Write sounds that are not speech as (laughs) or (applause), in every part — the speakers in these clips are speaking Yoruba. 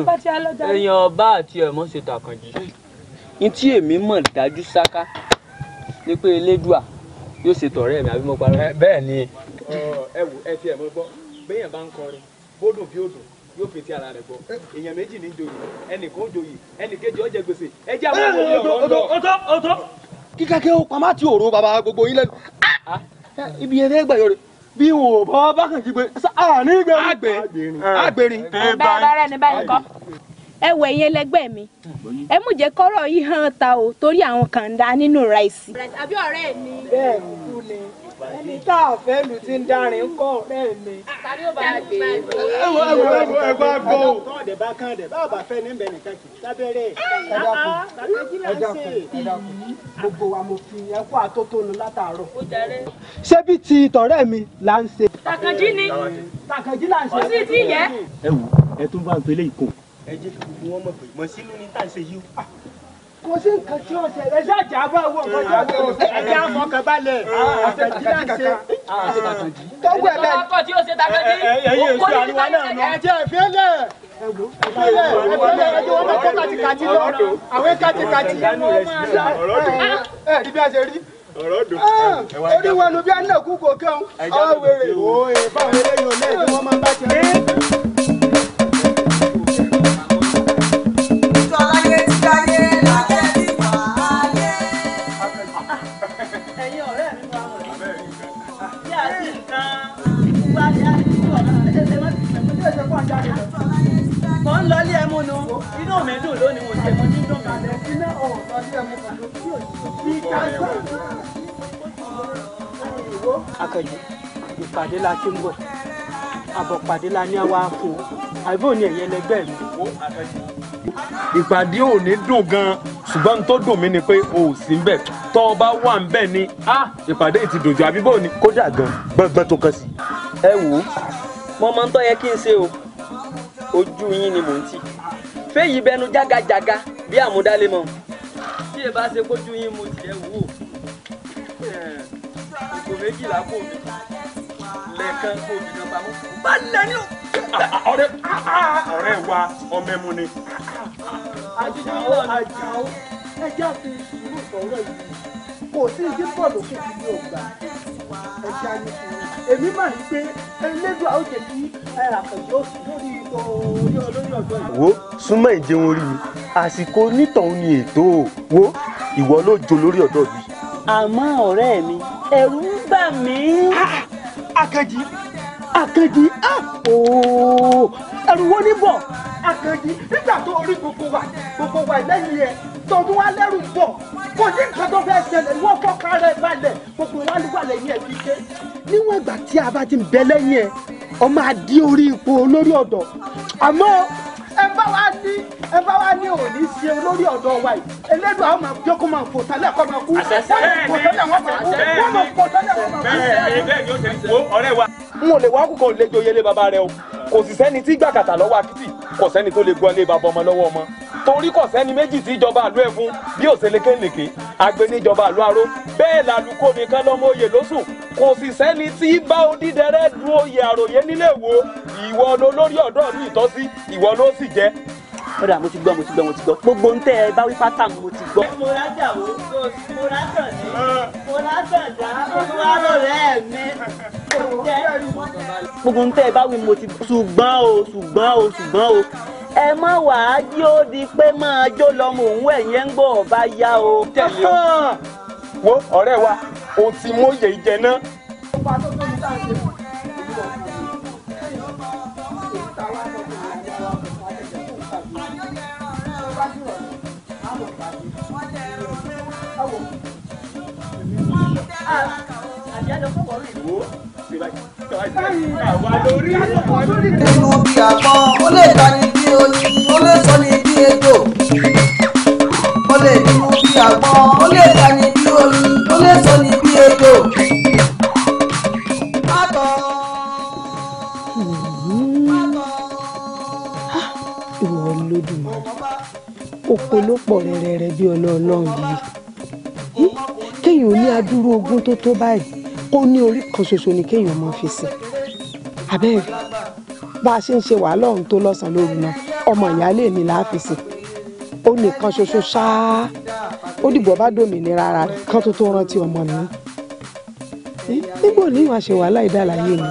èèyàn ọba àti ẹ̀mọ́ ṣe tàkànjì. ní tí èmi mọ̀ dájú sáká ni pé elédùà yóò ṣe tọ̀rẹ́ mi àbí mo parọ́. bẹ́ẹ̀ ni. ẹ wò ẹ fi ẹ̀mọ́ gbọ́ béèyàn bá ń kọrin bódùn bí òdùn yóò fi ti ara rẹ̀ gbọ́ èèyàn méjì ní joyè ẹnìkan joyè ẹnìkejì ọjẹ gbèsè ẹ jẹ́ àwọn ọmọ mi ọ̀rọ̀ ń lọ. ọtọ ọtọ. kíkẹ́kẹ́ ó pamọ́ àti òru bàbá gbogbo yín lẹ́nu. Ah. ibi yẹn fẹ́ gbà yọrọ bí wọn ò bọ́ bákan jí pé àní gbẹ̀rù àgbèrìn. bẹ́ẹ̀ ní ah. báyìí mi ẹ mú yìí hàn ta o torí àwọn kàńdá nínú ráìsì. àbí ẹni tá a fẹ́ lu ti ń darin kọ́ ọ̀rẹ́ mi. ẹwọ ẹwọ ẹwọ ẹgbẹ agbọ kọ́ọ̀dẹ̀ bá kọ́ọ̀dẹ̀ bá bá fẹ́ níbẹ̀ nìkan kì í lábẹ́rẹ́. ẹ dákun ẹ dákun gbogbo wa mo fi ẹkú àtótónu látàárọ̀. ṣebí ti tọ̀rẹ́ mi là ń ṣe. tàkànjí ni tàkànjí là ń ṣe. kò ti yẹ. ẹ wù ẹ tún bá ń pelé ìkó. ẹ jẹ́ kí gbogbo wọn mọ̀ pé mọ̀ sínú ni tá à ń ṣe yìí kò sí nǹkan tí ó ṣe ẹ ṣáàjì àbá owó nǹkan tí ó ṣe ẹjẹ àfọkànbalẹ̀ àtẹjíláṣe gbogbo bẹ́ẹ̀ ọkọ tí ó ṣe takají òkú ní ìta ìṣẹ̀lẹ̀ ẹjẹ ìfẹlẹ ìfẹlẹ ìfẹlẹ ẹjẹ wọn bá kọ kàtìkàtì lọ àwọn kàtìkàtì ẹ ẹ ibi àṣẹ rí orí wọn ló bí a ń nàkú kò kẹun ọ wèrè báwo eléyìí ò lẹ́yìn tí wọ́n máa bá ṣe iná mi dùn lónìí mo ṣe mo dùn mí. iná ọ̀hún lọ sí ọmọ pàdé tí ò ní ìtajà. akẹ́jù ìpàdé la ti ń bọ̀ àbọ̀pàdé la ní àwa kò àbí òní ẹ̀yẹ lẹgbẹ́ mi. ìpàdé ò ní dùn gan-an ṣùgbọ́n n tó dùn mí ni pé o ò sí ń bẹ̀ tọ́ ọ bá wà ń bẹ̀ ni ìpàdé ti dùn jù àbí bò ni. kódà gan gbọ́ngbọ́n tó kàn sí. ẹ wò ó mo mọ ń tọ́ yẹ kí n ṣe o ojú yín ni mò ń tì fẹ́yì bẹnu jágajàga bí àmúdálé mọ́ bí ẹ bá ṣe kójú yín mo tiẹ̀ wò ó ìgò méjìlá kò mí lẹ́ẹ̀kan kò mí kan pamọ́ bá lẹ́ni o. ọ̀rẹ́ ọ̀rẹ́ wa ọmọ ẹmu ni. àjùjọ àjùjọ ẹ jẹ́ àfihàn sùúrù sọ̀rọ̀ yìí kò sí ibi pọ̀ lókè tí mi ò gbà ẹ̀jẹ̀ ayé fún mi èmi mà ní pé ẹlẹ́dùn àwọn òjè kí àkànjọ lórí orí olórí ọ̀dọ́ yìí. wo súnmọ́ ìjẹun orí mi àsìkò onítọ̀hún ni ètò wo ìwọ ló jo lórí ọ̀dọ́ mi. àmọ́ ọ̀rẹ́ mi ẹ̀rù ń bà mí. àkànjì ah, àkànjì ah, ooo ẹrù wo ní bọ̀ àkànjì nígbà tó orí gbogbo wa gbogbo wa lẹ́yìn yẹn tọdún wa lẹ́rù bọ̀ kò sí nǹkan tó fẹ́ ṣẹlẹ̀ wọ́n fọ́ka rẹ̀ balẹ̀ gbogbo wa ní wà lẹ́yìn ẹ̀ fi ṣe. níwọ̀n ìgbà tí a bá ti ń bẹ lẹ́yìn ẹ̀ ọmọ adé orí ipò olórí ọ̀dọ́ àmọ́ ẹ bá wa ní ẹ bá wa ní òní ṣe olórí ọ̀dọ́ wa yìí elédùn àwọn máa jọ́ kó máa fò sálẹ̀ kó máa kú wọ́n máa fò sálẹ̀ wọ́n máa kú wọ́n máa fò sálẹ̀ wọ́n máa kú. bẹ́ẹ̀ ni bẹ́ẹ̀ ni ó ṣe ń wo ọ̀rẹ́ wa. n ò lè wá kúkọ̀ lè joyè lé baba rẹ o kò sì sẹ́ni tí gbàkàtà lọ́wọ́ akitì kò sẹ́ni tó lè gbọ́ ilé bàbá ọmọ lọ́wọ́ ọmọ torí kò sẹ́ni méjì tí ìjọba àlú ẹ̀ fún bí òsèlékèlèké agbe níjọba àlú aró bẹ́ẹ̀ làlùkò nìkan lọ́mọ oyè lóṣùn kò sì sẹ́ni tí bá odídẹrẹ́ du oyè àròyé nílé wo ìwọ lolórí ọ̀dọ́ ìlú ìtọ́sí ìwọ ló sì jẹ́ ó dà mo ti gbọ́ mo ti gbọ́ mo ti gbọ́ gbogbo ń tẹ́ ẹ bá wí pátá mo ti gbọ́. mo rájà wo mo rájà dé mo rájà dá olúwarò rẹ̀ mi kò jẹ́. gbogbo ń ẹ bá wí mo ti gbọ́ ṣùgbọ́n o ṣùgbọ́n o ṣùgbọ́n o ẹ má wàá jí ó di pé máa jó lọmọ òun ẹ̀yẹ́ ń gbọ́ ọ̀bá yá o. wo ọ̀rẹ́ wa ohun tí mo yẹ ìjẹ náà. káwọ́ ẹnu bí àpọ́n ó lè dání bí oyin ó lè sọ ní bí ejò ó lè dúró bí àpọ́n ó lè dání bí oyin ó lè sọ ní bí ejò. ìwọ olódùmarè òpó ló pọ̀ bí ọlọ́ọ̀lọ́run yìí. Hm? kéèyàn ní adúrú ogún tó tó báyìí kó ní orí kan ṣoṣo ni kéèyàn mọ fi sìn abẹ́rẹ́ bá a ṣe ń ṣe wàhálà ọ̀hún tó lọ́sàn-án lóru náà ọmọ ìyáálé mi là á fi sìn ó nìkan ṣoṣo ṣáá ó dìbò bá dòmìnira ara rẹ̀ kan tó tó rántí ọmọ mi hm? níbo ni ìwà ṣe wàhálà ìdálàyé mi wà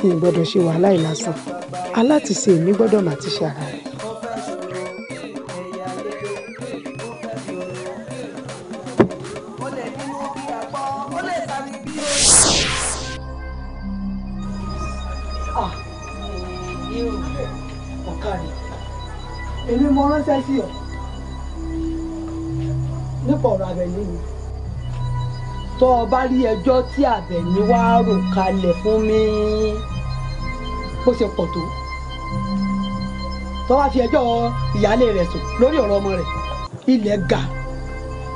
hm. mi gbọ́dọ̀ ṣe wàhálà ìlàsàn alátìsí mi gbọ́dọ̀ mà ti ṣe ara rẹ̀. tó o bá rí ẹjọ́ tí àbẹ̀ní wá rò kalẹ̀ fún mi bó ṣe pọ̀ tó tó wá fi ẹjọ́ ìyáálé rẹ̀ sùn lórí ọ̀rọ̀ ọmọ rẹ̀ ilẹ̀ ga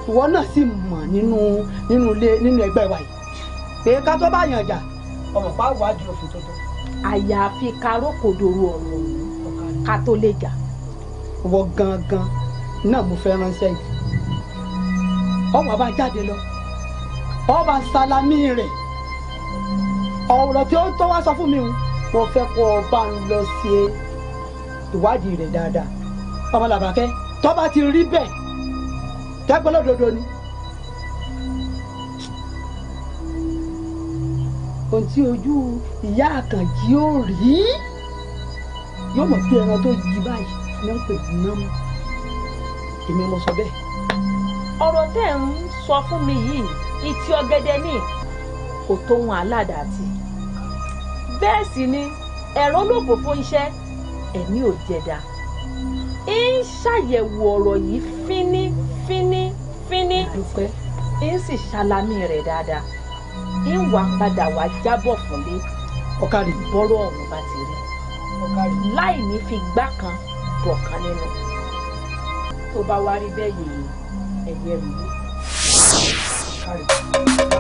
ìwọ náà sì mọ̀ nínú nínú ilé nínú ẹgbẹ́ wa yìí pé ká tó bá yàn jà ọmọ pa wádìí òfin tuntun. àyàfi karó kòdòrò ọ̀rọ̀ ká tó lè jà. wọ gangan náà mo fẹ́ ránṣẹ́ yìí ọmọ bá jáde lọ ọba salami rẹ̀ ọ̀rọ̀ tí ó tọ́ wá sọ fún mi mo fẹ́ kó ọba ń lọ ṣe ìwádìí rẹ̀ dáadáa ọmọ làbàkẹ́ tọ́ba ti rí bẹ́ẹ̀ tẹ́gbọ́n lódodo ni. ohun tí ojú ìyá àkànjí ò rí yóò mọ̀ pé ẹran tó yí báyìí ní ń pè ní námú èmi mo sọ bẹ́ẹ̀. ọ̀rọ̀ tẹ́ ń sọ fún mi yìí ìtì ọ̀gẹ̀dẹ̀ ní kò tó wọn aládàáti bẹ́ẹ̀ sì ni ẹ̀rọ olóògbòfó iṣẹ́ ẹ̀mí ò jẹ̀dá ń ṣàyẹ̀wò ọ̀rọ̀ yìí fíní fíní fíní dúpẹ́ ń sì ṣàlàmì rẹ̀ dáadáa ń wà padà wá jábọ̀ fúnlé ọ̀kadì bọ́rọ̀ ọ̀hún bá ti rí láì ní fi gbá kan bọ̀ kan nínú tó bá wá rí bẹ́ẹ̀ yìí ẹ̀yẹ́ mi. 哎。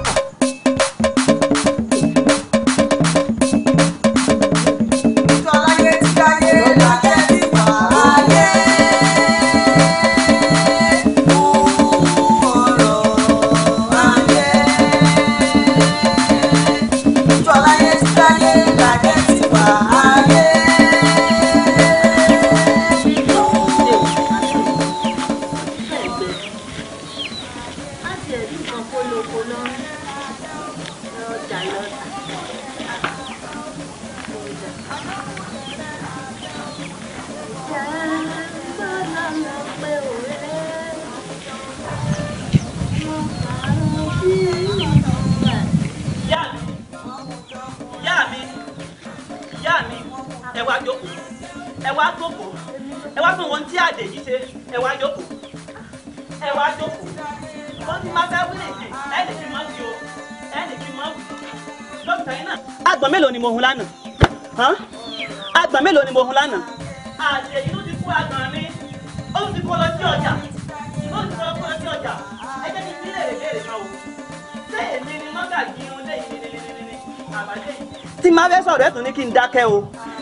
dákẹ́ o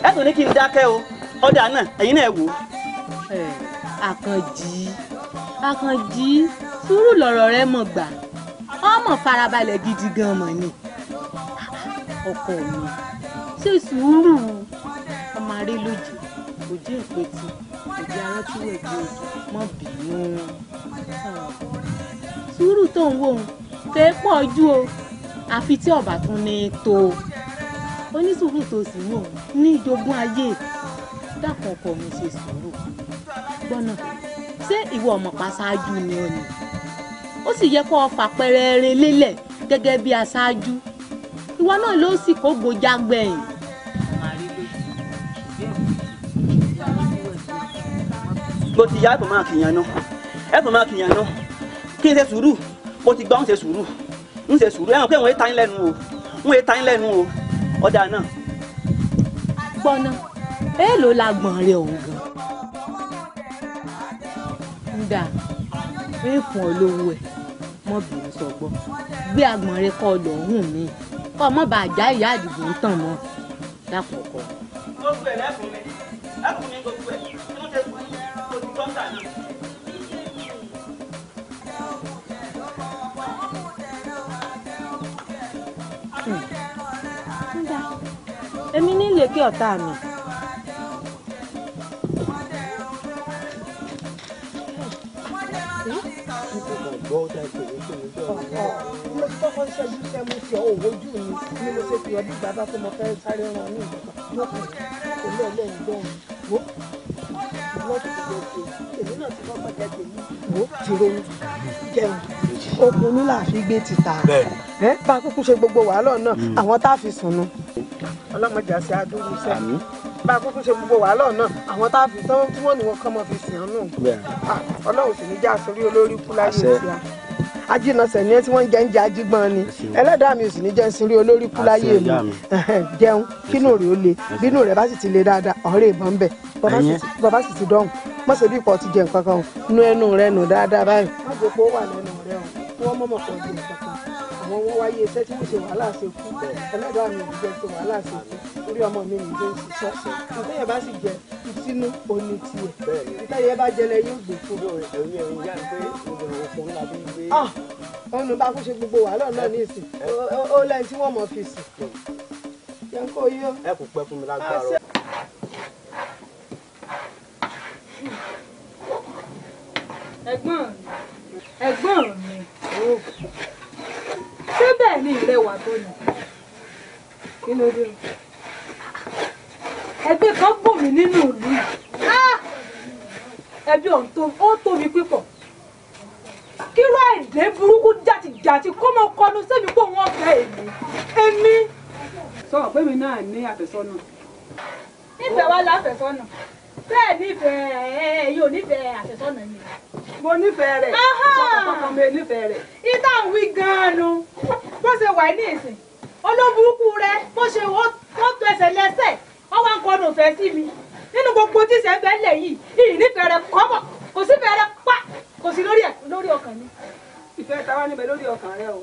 ẹ tún ní kí n dákẹ́ o ọ̀dà náà ẹ̀yin náà wò. àkànjì àkànjì sùúrù lọ̀rọ̀ rẹ mọ̀ gbà ọmọ farabalẹ̀ gidi gan mọ̀ ni ọkọ mi ṣe sùúrù ọmọ aré lójì kò jí ìpètì òjì arọ́tíwẹ̀ di òjò mọ́ bínú sùúrù tó ń wò ó kéé pọ̀ ju o àfi tí ọ̀bà tún ní tó o ní sùúrù tó sì wò ní ìjogún ayé dákun ọkọ mi ṣe sùúrù gbọ́nà ṣé ìwọ ọmọ pàṣáájú ni ọ ni ó sì yẹ kó o fàpẹrẹ rẹ lélẹ̀ gẹ́gẹ́ bí aṣáájú ìwọ náà ló sì kó gbòjá gbẹ̀yìn. mo ti ya ẹ̀bùn máa kìyàn náà ẹ̀bùn máa kìyàn náà kí n ṣe sùúrù mo ti gbọ́ ń ṣe sùúrù ń ṣe sùúrù ẹ̀hàn pé òun èta yín lẹ́nu o òun èta yín lẹ́nu o ọ̀dà náà. gbọ́nà èèlò la gbọ̀n rẹ̀ òun gan. ńdà ń fún ọ lówó ẹ̀ mọ́ bìrì sọ̀gbọ́ gbé agbọ̀n rẹ̀ kọ́ lọ hùn mí kọ́ mọ́ bàa já ìyá àdìgún tàn mọ́ dákọ̀ọ̀kọ̀. ó gbẹ̀rẹ̀ fún mi ẹkùn ní gbogbo ẹ̀. èmi ní ìlèkè ọ̀tá mi. mo ti kọ́kọ́ ṣẹ́jú sẹ́mu tí ọ òwò ojú mi ni mo ṣe fi ọdún bàbá pé mo fẹ́ sáré ran ní ìgbà mo kàn kò lẹ́ẹ̀lẹ́ ìgbọ́n wo ìwọ́n ti kò lọ́ọ́ ṣe èmi náà ti kọ́kọ́ jẹ tèmi wo ti ronú jẹun okùn nílà fi gbé ti ta bá kúkú ṣe gbogbo wàhálà náà mm. àwọn tá a fi sùn nu ọlọ́mọdé àti adúgbò sẹ́yìn bá a kúkú ṣe gbogbo wàhálà náà àwọn tá a fi tán tí wọ́n ní wọn kán mọ́ fi sìn án nù ah, ọlọ́run sì ní já sórí olórí kú láyé òsì à ajínà sẹ̀yìn tí wọ́n ń jẹ́ ń jẹ́ ajígbọ́n ni ẹlẹ́dàá mi ò sì ní jẹ́ ń sinrí olórí kú láyé mi jẹun kínú rẹ̀ ó le bínú rẹ̀ bá sì ti le dáadáa ọ̀rẹ́ ìbọn bẹ̀ bàbá sì ti dọ̀hùn mọ̀ ṣe bí ti jẹ nǹkan kan nu ẹnu rẹ̀ nù dáadáa báyìí. má gbogbo wà lẹ́nu rẹ̀ o kí wọ́n mọ̀mọ̀ pọ̀ jù nǹkan àwọn wọn wáyé iṣẹ́ tí wọ́n ṣe wàhálà ṣe kú ẹlẹ́dàá mi ìjẹ ṣe wàhálà ṣe kú lórí ọmọ mi mi ló ń ṣiṣẹ́ nǹkan yẹn bá sì jẹ ìtinú oní tiẹ̀ nǹkan yẹn bá jẹlẹ yóò gbé fún mi. ẹ̀rí ẹ̀rí yá ni pé obìnrin ọkùnrin làbí ń gbé. Ah! ọ̀nà bá kó ṣe gbogbo wàhálà náà ní ìsìn ó lẹ́yìn tí wọ́n mọ̀ fi sìn. ẹ kò pẹ́ fún mi lágbára. ẹ̀gbọ́n ah, ẹ̀gbọ́n mi ṣé bẹ́ẹ̀ ni ìrẹwà tó ni kí ló dé o ẹbí kan bò mí nínú ìlú ah! ẹbí ọ̀hún ó tóbi pípọ̀ kíró èdè burúkú jàtìjàtì kó mọ kọnu sẹ́mi pé wọ́n fẹ́ èmi èmi. sọ pé mi náà ní àfẹ́sọ́nà. nífẹ̀ẹ́ wa láfẹ́sọ́nà bẹ́ẹ̀ nífẹ̀ẹ́ ẹ̀yìn ò nífẹ̀ẹ́ àfẹ́sọ́nà yìí mo nífẹ̀ẹ́ rẹ̀ ọkọ̀ọ̀kan mi nífẹ̀ẹ́ rẹ̀. ìta ń wí gan-an nu bó ṣe wà ní ìsìn olóburúkú rẹ bó ṣe ó tó ẹsẹ̀ lẹ́sẹ̀ ó wá ń kọnu ìfẹ́ sí mi nínú gbogbo tí ìṣẹ́ fẹ́ lẹ̀ yìí ìyìn nífẹ̀ẹ́ rẹ kọ́mọ̀ kò sí fẹ́ rẹ pa kò sí lórí ọkàn mi. ìfẹ́ ta wá níbẹ̀ lórí ọkàn rẹ o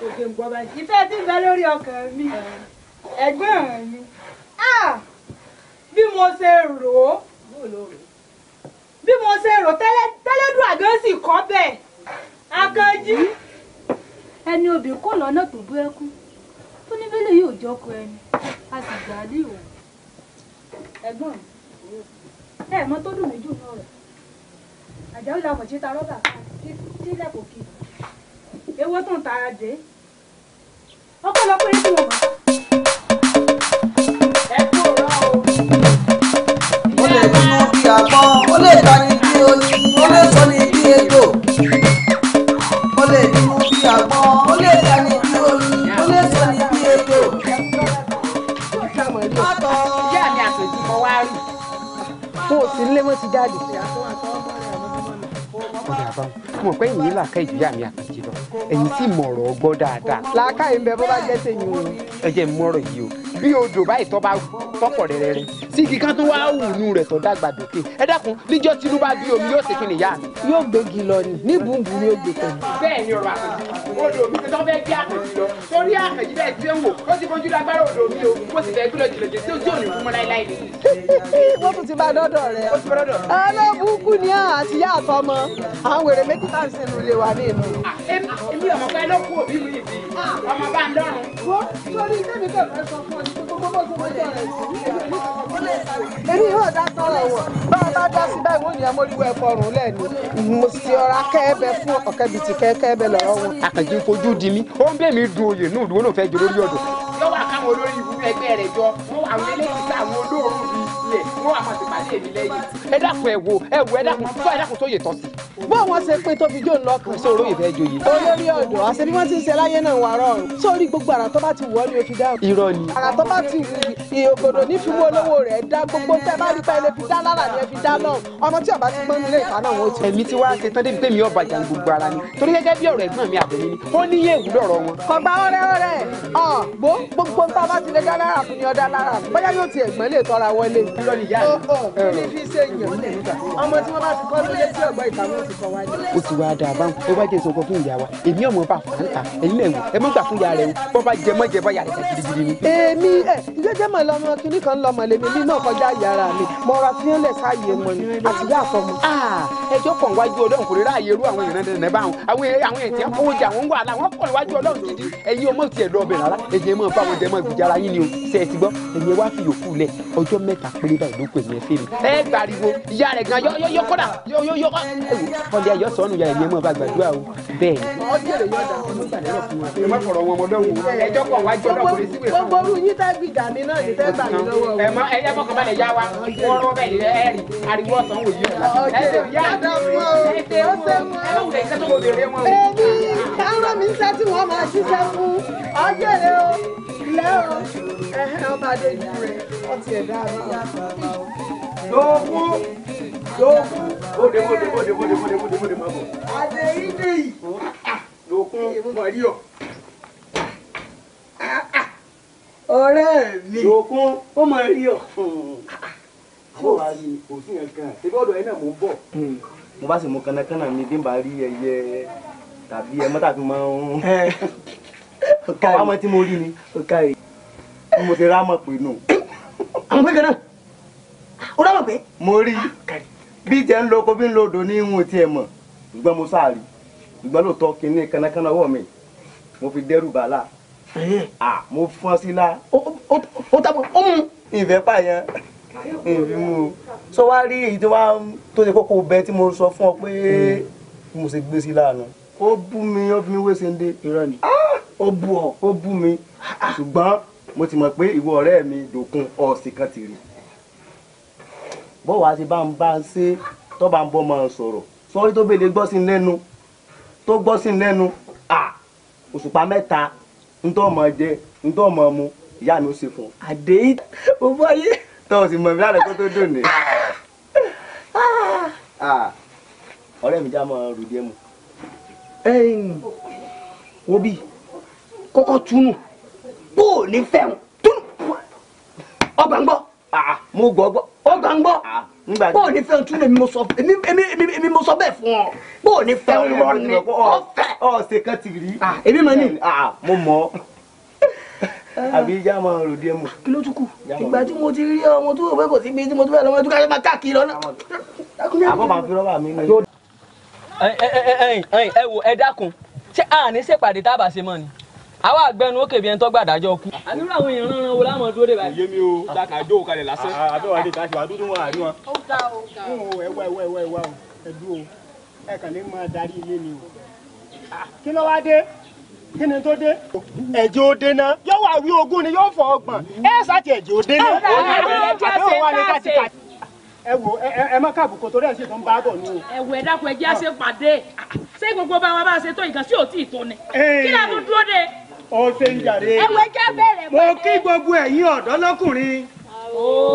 kò dé ń gbọ́ báyìí. ìfẹ́ ti ń bẹ lórí ọkàn mi ẹ̀gbọ́n mi ah! bí mo ṣe rò ó bí mo ṣe rò tẹ́lẹ̀ tẹ́lẹ́dùn àgán sì kọ́ bẹ́ẹ̀ akanjú. ẹni obì kò lọ́nà tó bú ẹkún tó ní bẹ́lẹ̀ yóò jọkọ ẹni a sì gbà á lé òun. ẹ̀gbọ́n ẹ̀ mọ tó dùn mí jù náà rẹ̀ àjáwé làwọn ṣe ta rọ́bà kan sílẹ̀ kò kì í ewó tó ń tara dé ọpọlọpọ etí wọn. ẹ kúrò rọ o lè ta ni bí oyin ó lè sọ ni bí egbò ó lè dúró bí àgbọn ó lè ta ni bí oyin ó lè sọ ni bí egbò. ìyá mi àtòjì mo wá rí mo ò sí nílé mo ti jáde. mo pé ìyìn làákà ìjìyà mi àtòjì lọ ẹ̀yìn tí mo ọ̀rọ̀ gbọ́ dáadáa. làákà ń bẹ bó bá jẹ́ sẹ́yìn o. ẹ jẹ́ mọ́rọ̀ yìí o bí odò báyìí tọ́ bá tọ́pọ̀ rẹ́rẹ́rẹ́ tí igi kan tó wá wù nù rẹ̀ tó dàgbà dòkè ẹ dákun níjọ́ tí bá bí omi yóò ṣe kí nìyá mi. yóò gbégi lọ ni ní gbùngbùn yóò gbé pẹ̀lú. bẹ́ẹ̀ ni ọ̀rọ̀ àtẹ̀jú odò mi ti tọ́ fẹ́ gé àtẹ̀jú lọ torí àtẹ̀jú bẹ́ẹ̀ ti ń wò ó ti fojú lágbára odò mi o mo sì fẹ́ gbé lọ jìlọ̀jì tí ojú òní fún mọ́ láíláí ni. wọ́n (laughs) tún ti bá dọ́dọ̀ rẹ̀ alábùkù ni àti yá àtọmọ àwọn wèrè èmi yóò dá sọ̀rọ̀ wọ̀ bá a bá dá sí báyìí wọ́n yàn mọ́lúwọ́ ẹ̀kọ́ ọ̀run lẹ́nu mo sì ọ̀rá kẹ́ẹ̀bẹ fún ọ̀kẹ́ bìtì kẹ́ẹ̀bẹ lọ́wọ́ wọn. àkànjì kojú di mí ó ń bẹ̀ mí dun oyè náà dúró ló fẹ́ jọ lórí ọ̀dọ̀. yọ wà káwọn olórí ìbú ẹgbẹ́ rẹ̀ jọ mú àwọn eléyìí sí àwọn olóòórùn bíi tiẹ̀ mú àwọn àtẹ̀kọ́ ẹ dákun ẹ wo ẹ wo ẹ dákun fún ẹ dákun tó yè tán sí. bó wọn ṣe pé tóbi jó ń lọ kàn sí olóyè fẹ́ joyè. olórí ọ̀dọ́ àṣẹ bí wọ́n ti ń ṣe láyé náà wà rọrùn sórí gbogbo àrà tó bá ti wọ́ ni o ti dá. irọ́ ni. àrà tó bá ti ìyókòdò nífìwọ́ olówó rẹ̀ dá gbogbo tẹ́ bá rí pẹ́ẹ́lẹ́ fi dá lára ni ẹ fi dá náà ọmọ tí ọba ti gbọ́n nílé ìta náà wọ́n ti. èmi ti wá ṣe tán débi pé mi ọba jà gbogbo ara ni torí gẹ́gẹ́ bí ọ̀rọ̀ ẹ̀gbọ́n mi àbẹ̀mí ni ó ní yé ìwúlò ọ̀rọ̀ wọn. kọ̀gbá ọ̀rẹ́ ọ̀rẹ́ ọ̀ gbogbo ń bá bá ti lè dá lára fún ni ọ̀dá lára bóyá yóò ti ẹ̀gbọ́n lè tọ́ra wọlé. irọ́ ni kí ni fi ṣe yàn ọmọ tí wọ́n bá ti ó ti wá dáa báwọn ó bá jẹ́ sọ́kọ́ fún ìyá wa èmi ọmọ bá fà ń ta èyí náà wò ẹ má gbà fún ìyá rẹ o bọ́ bá jẹ mọ́jẹ bá yàrá gidigidi ni. èmi ẹ jẹjẹ mọ lọmọ kìnnì kan lọmọ lèmi ní náà kọjá yàrá mi mo ra fi hàn lẹ sáàyè mọ ni àti yá àfọmọ. ẹjọ́ kan wájú ọlọ́run kò rí ráàyè irú àwọn ìran dandan báwọn àwọn àwọn ẹ̀tí àwọn ojà àwọn ń wà láwọn pọ̀ níwájú ọlọ́run gidi ẹ ni ẹ gbàriwo ìyá rẹ̀ gan yọ yọ kọ́dà yọ yọ yọ ọdẹ yọ sọnù ya ẹ̀mí ẹ̀ mọ̀ bá gbàdúrà o bẹ́ẹ̀. ẹjọ́ kan wá jọ́ lọ́kùnrin síwèé. gbogbo olú yín tá gbìdà mi náà ní tẹ́ gbà mí lọ́wọ́. ẹ mọ ẹyẹ mọ kọba lè yá wa wọn bẹ́ẹ̀ lè ẹ rí ariwo ọsàn wò yí. ẹ ṣe ọba adé ju rẹ̀ ọtí ẹ̀dá àbá lówú lówú bóde bóde bóde bóde bóde bóde bóde máa bọ̀. àdé ìdè yìí. lókun mọ̀rí ọ̀. ọ̀rẹ́ mi. lókun ó mọ̀rí ọ̀. àbọ̀ wa rí hmm. kò sí yẹn kan ṣé bọ́dọ̀ ẹ náà mò ń bọ̀. Hmm. mo bá sì mú kánnakánná mi bí n bá rí ẹyẹ tàbí ẹ mọ́tà tó máa ń. ọ̀ká yìí ọ̀ká yìí mo ti rá mọ̀ pé nù. àwọn pé náà o ó dábọ̀ pé. mo rí bí jẹ́ ń lo oko bí ń lo odò ní ihun tiẹ̀ mọ̀ ṣùgbọ́n mo sáàrí ṣùgbọ́n lóòótọ́ kínní kánákáná ọwọ́ mi mo fi dẹ́rù bàálà mo fọ́n sí la o tábọ̀ ó mú ìfẹ́ pààyàn ìfimú sọ wá rí èyí tó wá tó ṣe kókó bẹ tí mo sọ fún o pé mo ṣe gbé sí láàánú o bú mi o fi mi wé sende irọ́ ni o bú o o bú mi ah! ṣùgbọ́n mo ti mọ̀ pé ìwọ ọ̀rẹ́ mi dòkun ọ̀sìn kan ti rí i bọ́wọ́ àti bá ń bá ń ṣe tó bá ń bọ́ máa ń sọ̀rọ̀ sọ́rí tó bèlè gbọ́ sí lẹ́nu tó gbọ́ sí lẹ́nu à òṣùpá mẹ́ta ntọ́ ọmọ jẹ ntọ́ ọmọ mu ìyá mi ó ṣe fún un. àdé mo bọ́ yé. tọ́ ọ sì mọ̀ mí lára kó tó dùn ní. Ah. ọ̀rẹ́ mi já máa rù díẹ̀ mu. wo bí kọ́kọ́ túnú bó o ní fẹ́ràn túnú ọgbà ń gbọ́. mo gbọ́ gbọ́ gbà ń gbọ́ bóò ní fẹ́ o tún èmi mo sọ èmi mo sọ bẹ́ẹ̀ fún ọ bóò ní fẹ́ o ní ọ̀fẹ́. ọ ṣe kan ti rí èmi mọ ni. mo mọ àbí ìyá máa rò díẹ̀ mọ̀. kí ló tún kù ìgbà tí mo ti rí ọmọ tó wẹ̀ kò sí ibi tí mo tún bẹ̀ lọ́mọ tó káyọ̀ máa káàkiri lọ́nà. àbọ̀ máa fi rọ́bà mi ní. ẹ wo ẹ dákun ṣé àní ṣèpàdé tábà ṣe mọ́ ni àwa àgbẹnu òkè bíi ẹni tó gbàdájọ kú. àbúrò àwọn èèyàn rán wo láwọn dúró dé báyìí. èyí mi o dákà jó o kalẹ̀ lásán. àbẹ̀wò àti ìtàṣe wà dúdú wọn àrí wọn. ó ga ó ga ó. ẹ wá ẹ wá ẹ wá ẹ wá o ẹ dúró ẹ kàn lè máa darí ilé mi o. Ah, kí ló wá dé kí ni tó dé. ẹ̀jẹ̀ ò dé náà yóò wá wí ogún ni yóò fọ ọgbọ̀n ẹ sàti ẹ̀jẹ̀ ò dé náà. àbẹ̀wò wa ni káàkiri ẹ wo ẹ má káàbùkọ torí ẹ ṣe tó ń bá bọ̀ nù. ẹ wo ẹ dákun ẹ jẹ́ àṣepàdé ah, ṣé gbogbo bá wa bá ṣe tó nǹkan sí òtí ìtọ́ni kí ni a tún dúró de ó ṣe ń jàre. ẹwẹ jẹ bẹ̀rẹ̀ pẹ̀lẹ́. mo kí gbogbo ẹ̀yin ọ̀dọ́ lọ́kùnrin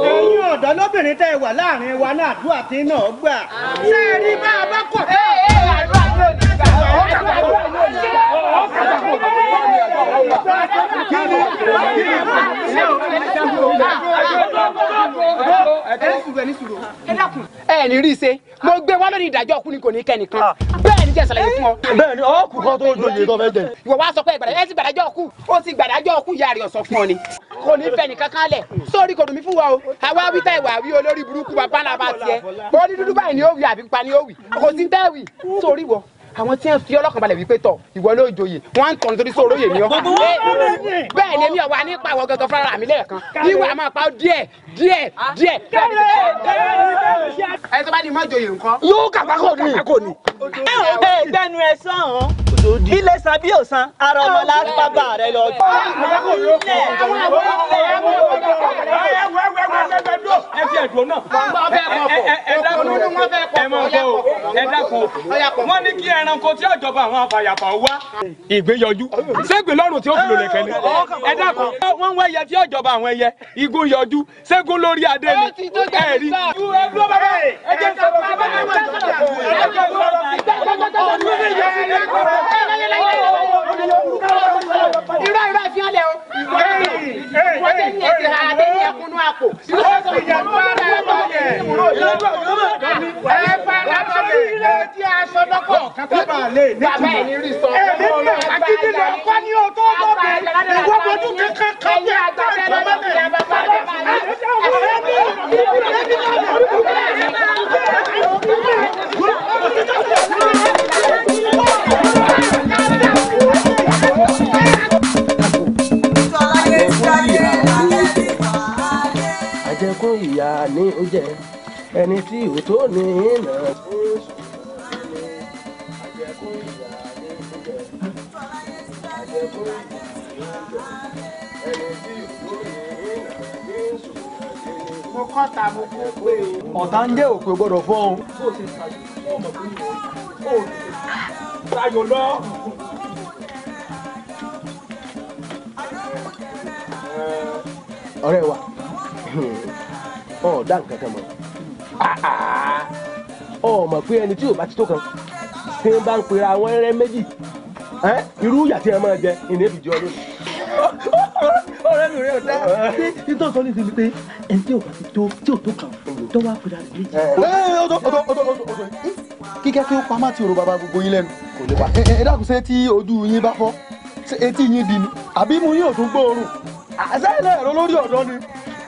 ẹ̀yin ọ̀dọ́ lóbìnrin tẹ́ wà láàrin wa náà àdúrà tí náà gbà. ṣé ẹ rí bá a bá kọ̀ tó. ẹ ní rí i ṣe mo gbé wá lórí ìdájọ́ ọkùnrin kò ní kẹ́nìkan bẹ́ẹ̀ jẹ́ ìsàlàyé fún ọ. bẹ́ẹ̀ni ọ kù kan tó joyè tó fẹ́ jẹ. ìwọ wa sọ pé ìgbàdájọ ẹ ti gbàdájọ kú ó ti gbàdájọ kú ìyá rẹ ọsọ fún ọ ni kò ní fẹ́ nìkan kan lẹ sórí kò dùn mí fún wa o àwa wí táyì wà wí olórí burúkú bàbá làbà tiẹ bó ní dúdú báyìí ni ó wí àbí pa ni ó wí kò sí tẹ́wì sórí wọ àwọn tí ń fi ọlọ́kàn balẹ̀ wípé tọ̀ ìwọ ló joyè wọ́n ń tọ́nu torí sóró yèmí ọ. bẹ́ẹ̀ ni èmi ọ̀wá nípa àwọn gangan fúnra mi lẹ́ẹ̀kan níwà máa pa díẹ̀ díẹ̀ díẹ̀. ẹ tó bá ní má joyè nǹkan. yóò kàbákò ní. kàbákò ní. ẹ ẹ dẹnu ẹ sàn ilé san bí òsan ara ọmọ lápábà rẹ lọ. ẹ fi ẹ̀dùn náà. ẹ ẹ ẹ dákun ẹ mọ̀ ọ́ ẹ dákun wọ́n ní kí ẹranko tí ọ̀jọba àwọn afàyàfà wá ìgbéyọjú ségun lọ́rùn tí ó fi lòlẹ̀ kẹ́ni ẹ dákun wọ́n ń wá ẹyẹ tí ọ̀jọba àwọn ẹyẹ igun yọjú ségun lórí adé ni ẹ irọ́ irọ́ fi hàn lẹ́ o wọ́n ti ní ẹ̀sìn àpò. ó sì yẹ fara balẹ̀ ẹ fara balẹ̀ oríire di aṣọ lọ́kọ̀ kápẹ́bà lè nítumọ̀ èmi àkíndélé ọkọ ní ọtọ́ lọ́bẹ̀ ìwọ bọdún kankan kan bí àgbẹ̀ tó bá bẹ̀. àjẹkùn ìyá ni ó jẹ ẹni tí ò tó ní iná tó sùn ní àjẹkù ìyá ní ìjẹ àjẹkù ọ̀tá ń jẹ́ òpè gbọ́dọ̀ fọ́ ọ́n. tó lọ. ọ̀rẹ́ wa (laughs) ọ̀ dá nǹkan kan mọ̀ ọmọ ah, ah. pé ẹni tí ò bá ti tó kan tí ń bá ń pera àwọn ẹrẹ méjì irú ìyà tí ẹ máa jẹ ìní èbìjì ọdún. ọ̀rẹ́ mi rẹ̀ ọ̀dá tí tó sọ ní ìsinmi pé ẹni tí ò bá ti tó tí ò tó kan tó wá pera rẹ̀ méjì. ọ̀dọ̀ ọ̀dọ̀ ọ̀dọ̀ ọ̀dọ̀ kíkẹ́ kí ó pamọ́ àti òrò bàbá gbogbo yín lẹ́nu kò lè pa. ẹ dákun ṣé tí ojú yín bá fọ́ etí yín di ni àbí mo yín ò tún gbóòórùn àṣẹ ilé ẹ̀rọ lórí ọ̀dọ́ ni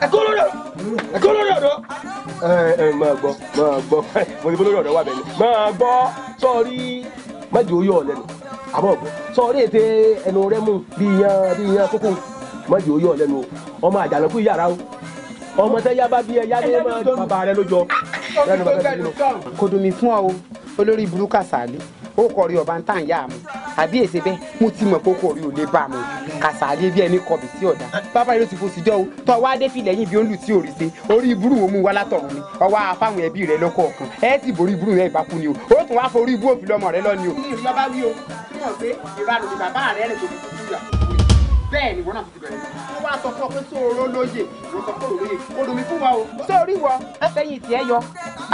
ẹ̀kọ́ lórí ọ̀dọ́ ẹ̀kọ́ lórí ọ̀dọ́ ẹ ẹ máa gbọ́ máa gbọ́ mo ní bó lórí ọ̀dọ́ wà bẹ́ẹ̀ ni máa gbọ́ sọ́ọ́rí májì ó yọ̀ lẹ́nu àbọ̀ gbọ́ sọ́ọ́rí ètè ẹnu rẹ mú bí yan bí yan kókó májì ó yọ̀ lẹ́nu ọmọ àjànàkú yàrá o ọmọ tẹ́ yá bá bí ẹ yá ní máa fún ọ o olórí burúkú àṣàlẹ̀ ó kọ̀ rí ọba ń yá mi àbí èsè bẹ́ẹ̀ mo ti mọ̀ pé rí ò lè bá mi kàsàlẹ̀ bí ẹni kọbì sí ọ̀dà bàbá yìí ló ti fòsì jọ o tọ́ wá dé filẹ̀ yìí bí ó ń lù tí ò orí ìbúrú wọn mú wá látọ̀run ni ọwọ́ afáwọn ẹbí rẹ lọ́kọ̀ ọ̀kan ẹ ti borí ìbúrú rẹ ìbákú ni o ó tún wá forí ìbú òfin lọ́mọ rẹ lọ ni o. mi ò lọ bá wí o mọ̀ pé ìranù bàbá rẹ̀ rẹ̀ tó fi kú bẹ́ẹ̀ ni wọ́n náà ti bẹ̀rẹ̀ wọ́n wá sọ fún ọ pé sóòrò lóye wọ́n sọ fún òròyè olùmí fún wa o sóòrì wọ ẹsẹ̀yìn tiẹ̀ yọ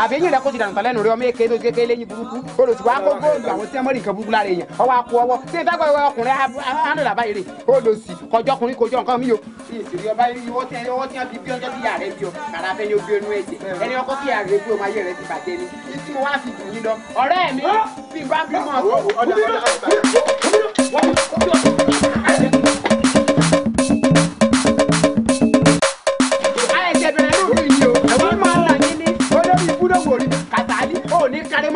àbí eyín rẹ kó ti dànù tán lẹ́nu rẹ ọmọ èké lójú kékeré lẹ́yìn burúkú olùsùn wa kó góòlù àwọn tí wọ́n mọ̀rì nǹkan burúkú lára èèyàn ọwọ́ akọ ọwọ́ tí ìta gbọ́ ọkùnrin àádọ́là báyìí rè olùsì kọjọ́ ọkùnrin kọjọ́ nǹkan mi o. ìṣèlú ọba ìwọ tí ọwọ́ tí wọ́n fi bí ọjọ́ tí yàrá bí ọ kàrà fẹ́ ni ó bí ẹnu ẹ̀jẹ̀ ẹni ọkọ kí yàrá bí ọmọ ayé rẹ ti bàjẹ́ ni tí mo wá fi dùn yín lọ ọ̀rẹ́ mi bí bá bímọ.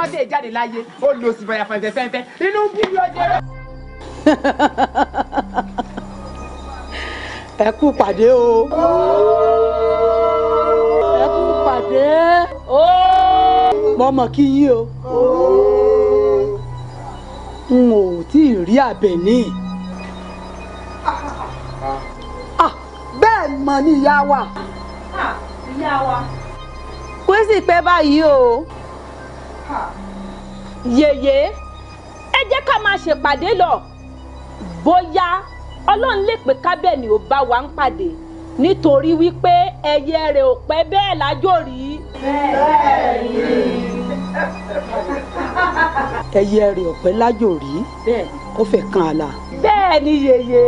ọmọdé jáde láyé ó lo sìbọyà fẹ̀ǹtẹ̀ fẹ́ǹfẹ́ inú ń bíbí ọjọ́ ẹ kú pàdé o ẹ kú pàdé mo mọ̀ kí yín o n ò tí ì rí Àbẹ̀ní ah, bẹ́ẹ̀ mọ̀ ní ìyá wa. Ah, ìyá wa. kó pẹ́ báyìí o yèyé ẹ jẹ́ ká máa ṣèpàdé lọ bóyá ọlọ́run lè pé kábẹ́ ni ò bá wa ń pàdé nítorí wípé ẹyẹ rẹ̀ ò pẹ́ bẹ́ẹ̀ lájò rí. ni. ẹyẹ rẹ̀ ò pẹ́ lájò rí kó fẹ́ kan àlà. bẹ́ẹ̀ ni yèyé.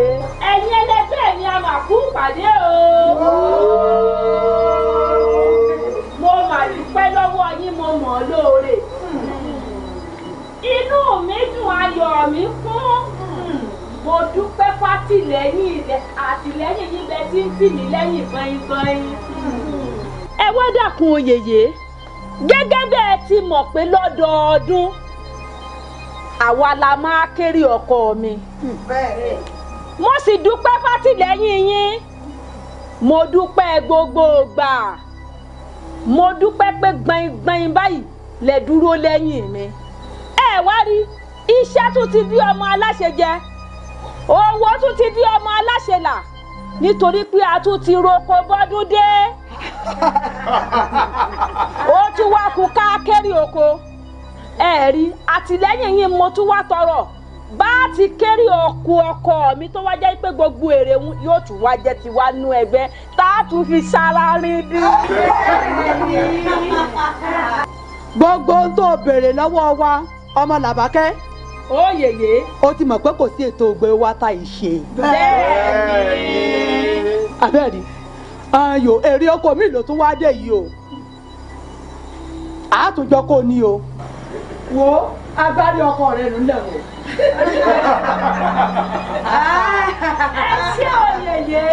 ẹ̀yin ẹlẹgbẹ́ mi a máa kú pàdé o. mo mà dúpẹ́ lọ́wọ́ yín mo mọ̀ ọ́ lóore inú mi dùn ayọ̀ mi kún hmm. mo dúpẹ́ fátìlẹ́yìn àtìlẹ́yìn níbẹ̀ tí ń tì mí lẹ́yìn báyìí. Hmm. ẹ wá dákun oyèyè gẹ́gẹ́ bẹ́ẹ̀ ti mọ̀ pé lọ́dọọdún àwa la máa kéré ọkọ mi. Hmm. mo sì dúpẹ́ fátìlẹ́yìn yín mo dúpẹ́ gbogbo gbà mo dúpẹ́ pé gbẹ̀ngbẹ̀ng báyìí lẹ dúró lẹ́yìn mi ẹ̀ wá rí iṣẹ́ tún ti bí ọmọ aláṣẹ jẹ owó tún ti bí ọmọ aláṣẹ là nítorí pé a tún ti roko bọ́dún dé (laughs) ó tún wá kú káàkiri oko ẹ rí àtìlẹ́yìn yín mo tún wá tọrọ bá a ti kéré ọkọ ọkọ mi tó wá pé gbogbo èrè yóò tún wá jẹ́ tiwa nú ẹgbẹ́ tá a tún fi sára rí bí (laughs) gbogbo ohun tó béèrè lọ́wọ́ wa ọmọ làbákẹ́ ó yèyé. ó ti mọ̀ pé kò sí ètò ògbé wa ta ìṣe. bẹ́ẹ̀ni. abẹ́ẹ̀ni ayò èrè oko mi ló tún wá dé yìí o àtúnjọ kò ní o. wo agbárí ọkọ rẹ ló lẹ o. (laughs) ẹ ṣé òye yé.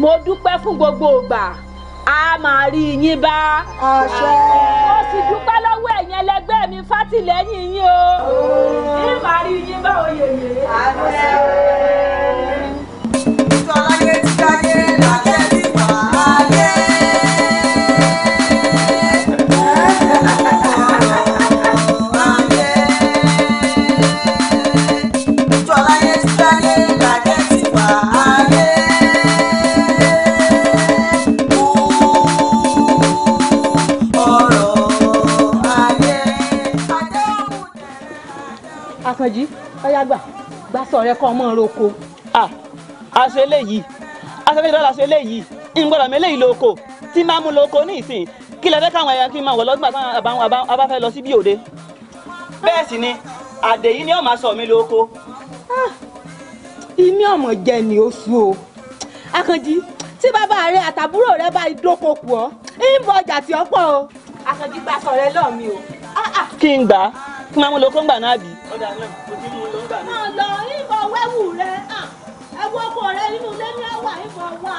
mo dúpẹ́ fún gbogbo ìgbà a máa rí yín bá. àṣẹ. mo sì dúpẹ́ lọ́wọ́ ẹ̀yin ẹlẹgbẹ́ mi fátìlẹ́yìn yín o. yín máa rí yín bá oyè yìí. àṣẹ. sọlá yẹn Àkànjí ọyá gbà gbà sọ rẹ kọ ọmọ rẹ oko. àṣẹ ah, eléyìí àṣẹ eléyìí lọ́la àṣẹ eléyìí ìgbọ́dọ̀ mi eléyìí lóko tí máa mú lóko ní ìsìn kí lẹ fẹ́ káwọn ẹ̀yà kí n máa wọ̀ lọ́gbà táwọn abáfẹ́ lọ síbi òde. bẹ́ẹ̀ sì ni àdèyí ni ó máa sọ mi lóko. ìmí ah, ọmọ jẹ ni oṣù o Àkànjí tí bàbá rẹ àtàbúrò rẹ bá dóko pọ̀ ń bọ ọjà tí ó pọ̀ o Àkànjí gbà sọ rẹ lọ́ọ̀ mi o. Ah, kí n gbà á kí máa mú lo kóńgbà náà bì. ọ̀dà náà mo ti mú un lọ́gbà náà. ìfọ̀ wẹ́wù rẹ ẹ wo ọkọ nínú ilé ní ẹwà ìfọ̀ wa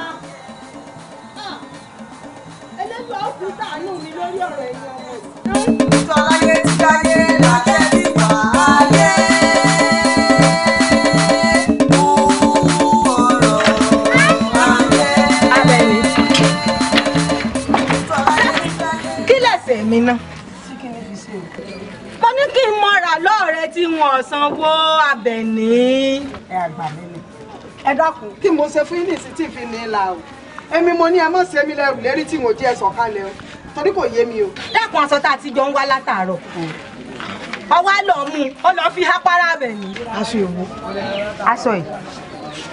eléyìí ọ̀hún sàánú mi lórí ọ̀rọ̀ ẹ̀yìn ọmọ ẹ dákun kí mo ṣe fún yín ní ìsìn tí ìfi ní la o èmi mo ní ẹ mọ̀ sí èmi lẹ́rù lérí tí mo jẹ́ ẹ sọ̀kalẹ̀ o torí kò yé mi o. dákun aṣọ tá a ti jọ ń wá látàárọ̀ ọwọ́ lọ mú un ó lọ fi hápárá bẹ̀ ní. aṣọ èwo aṣọ yìí.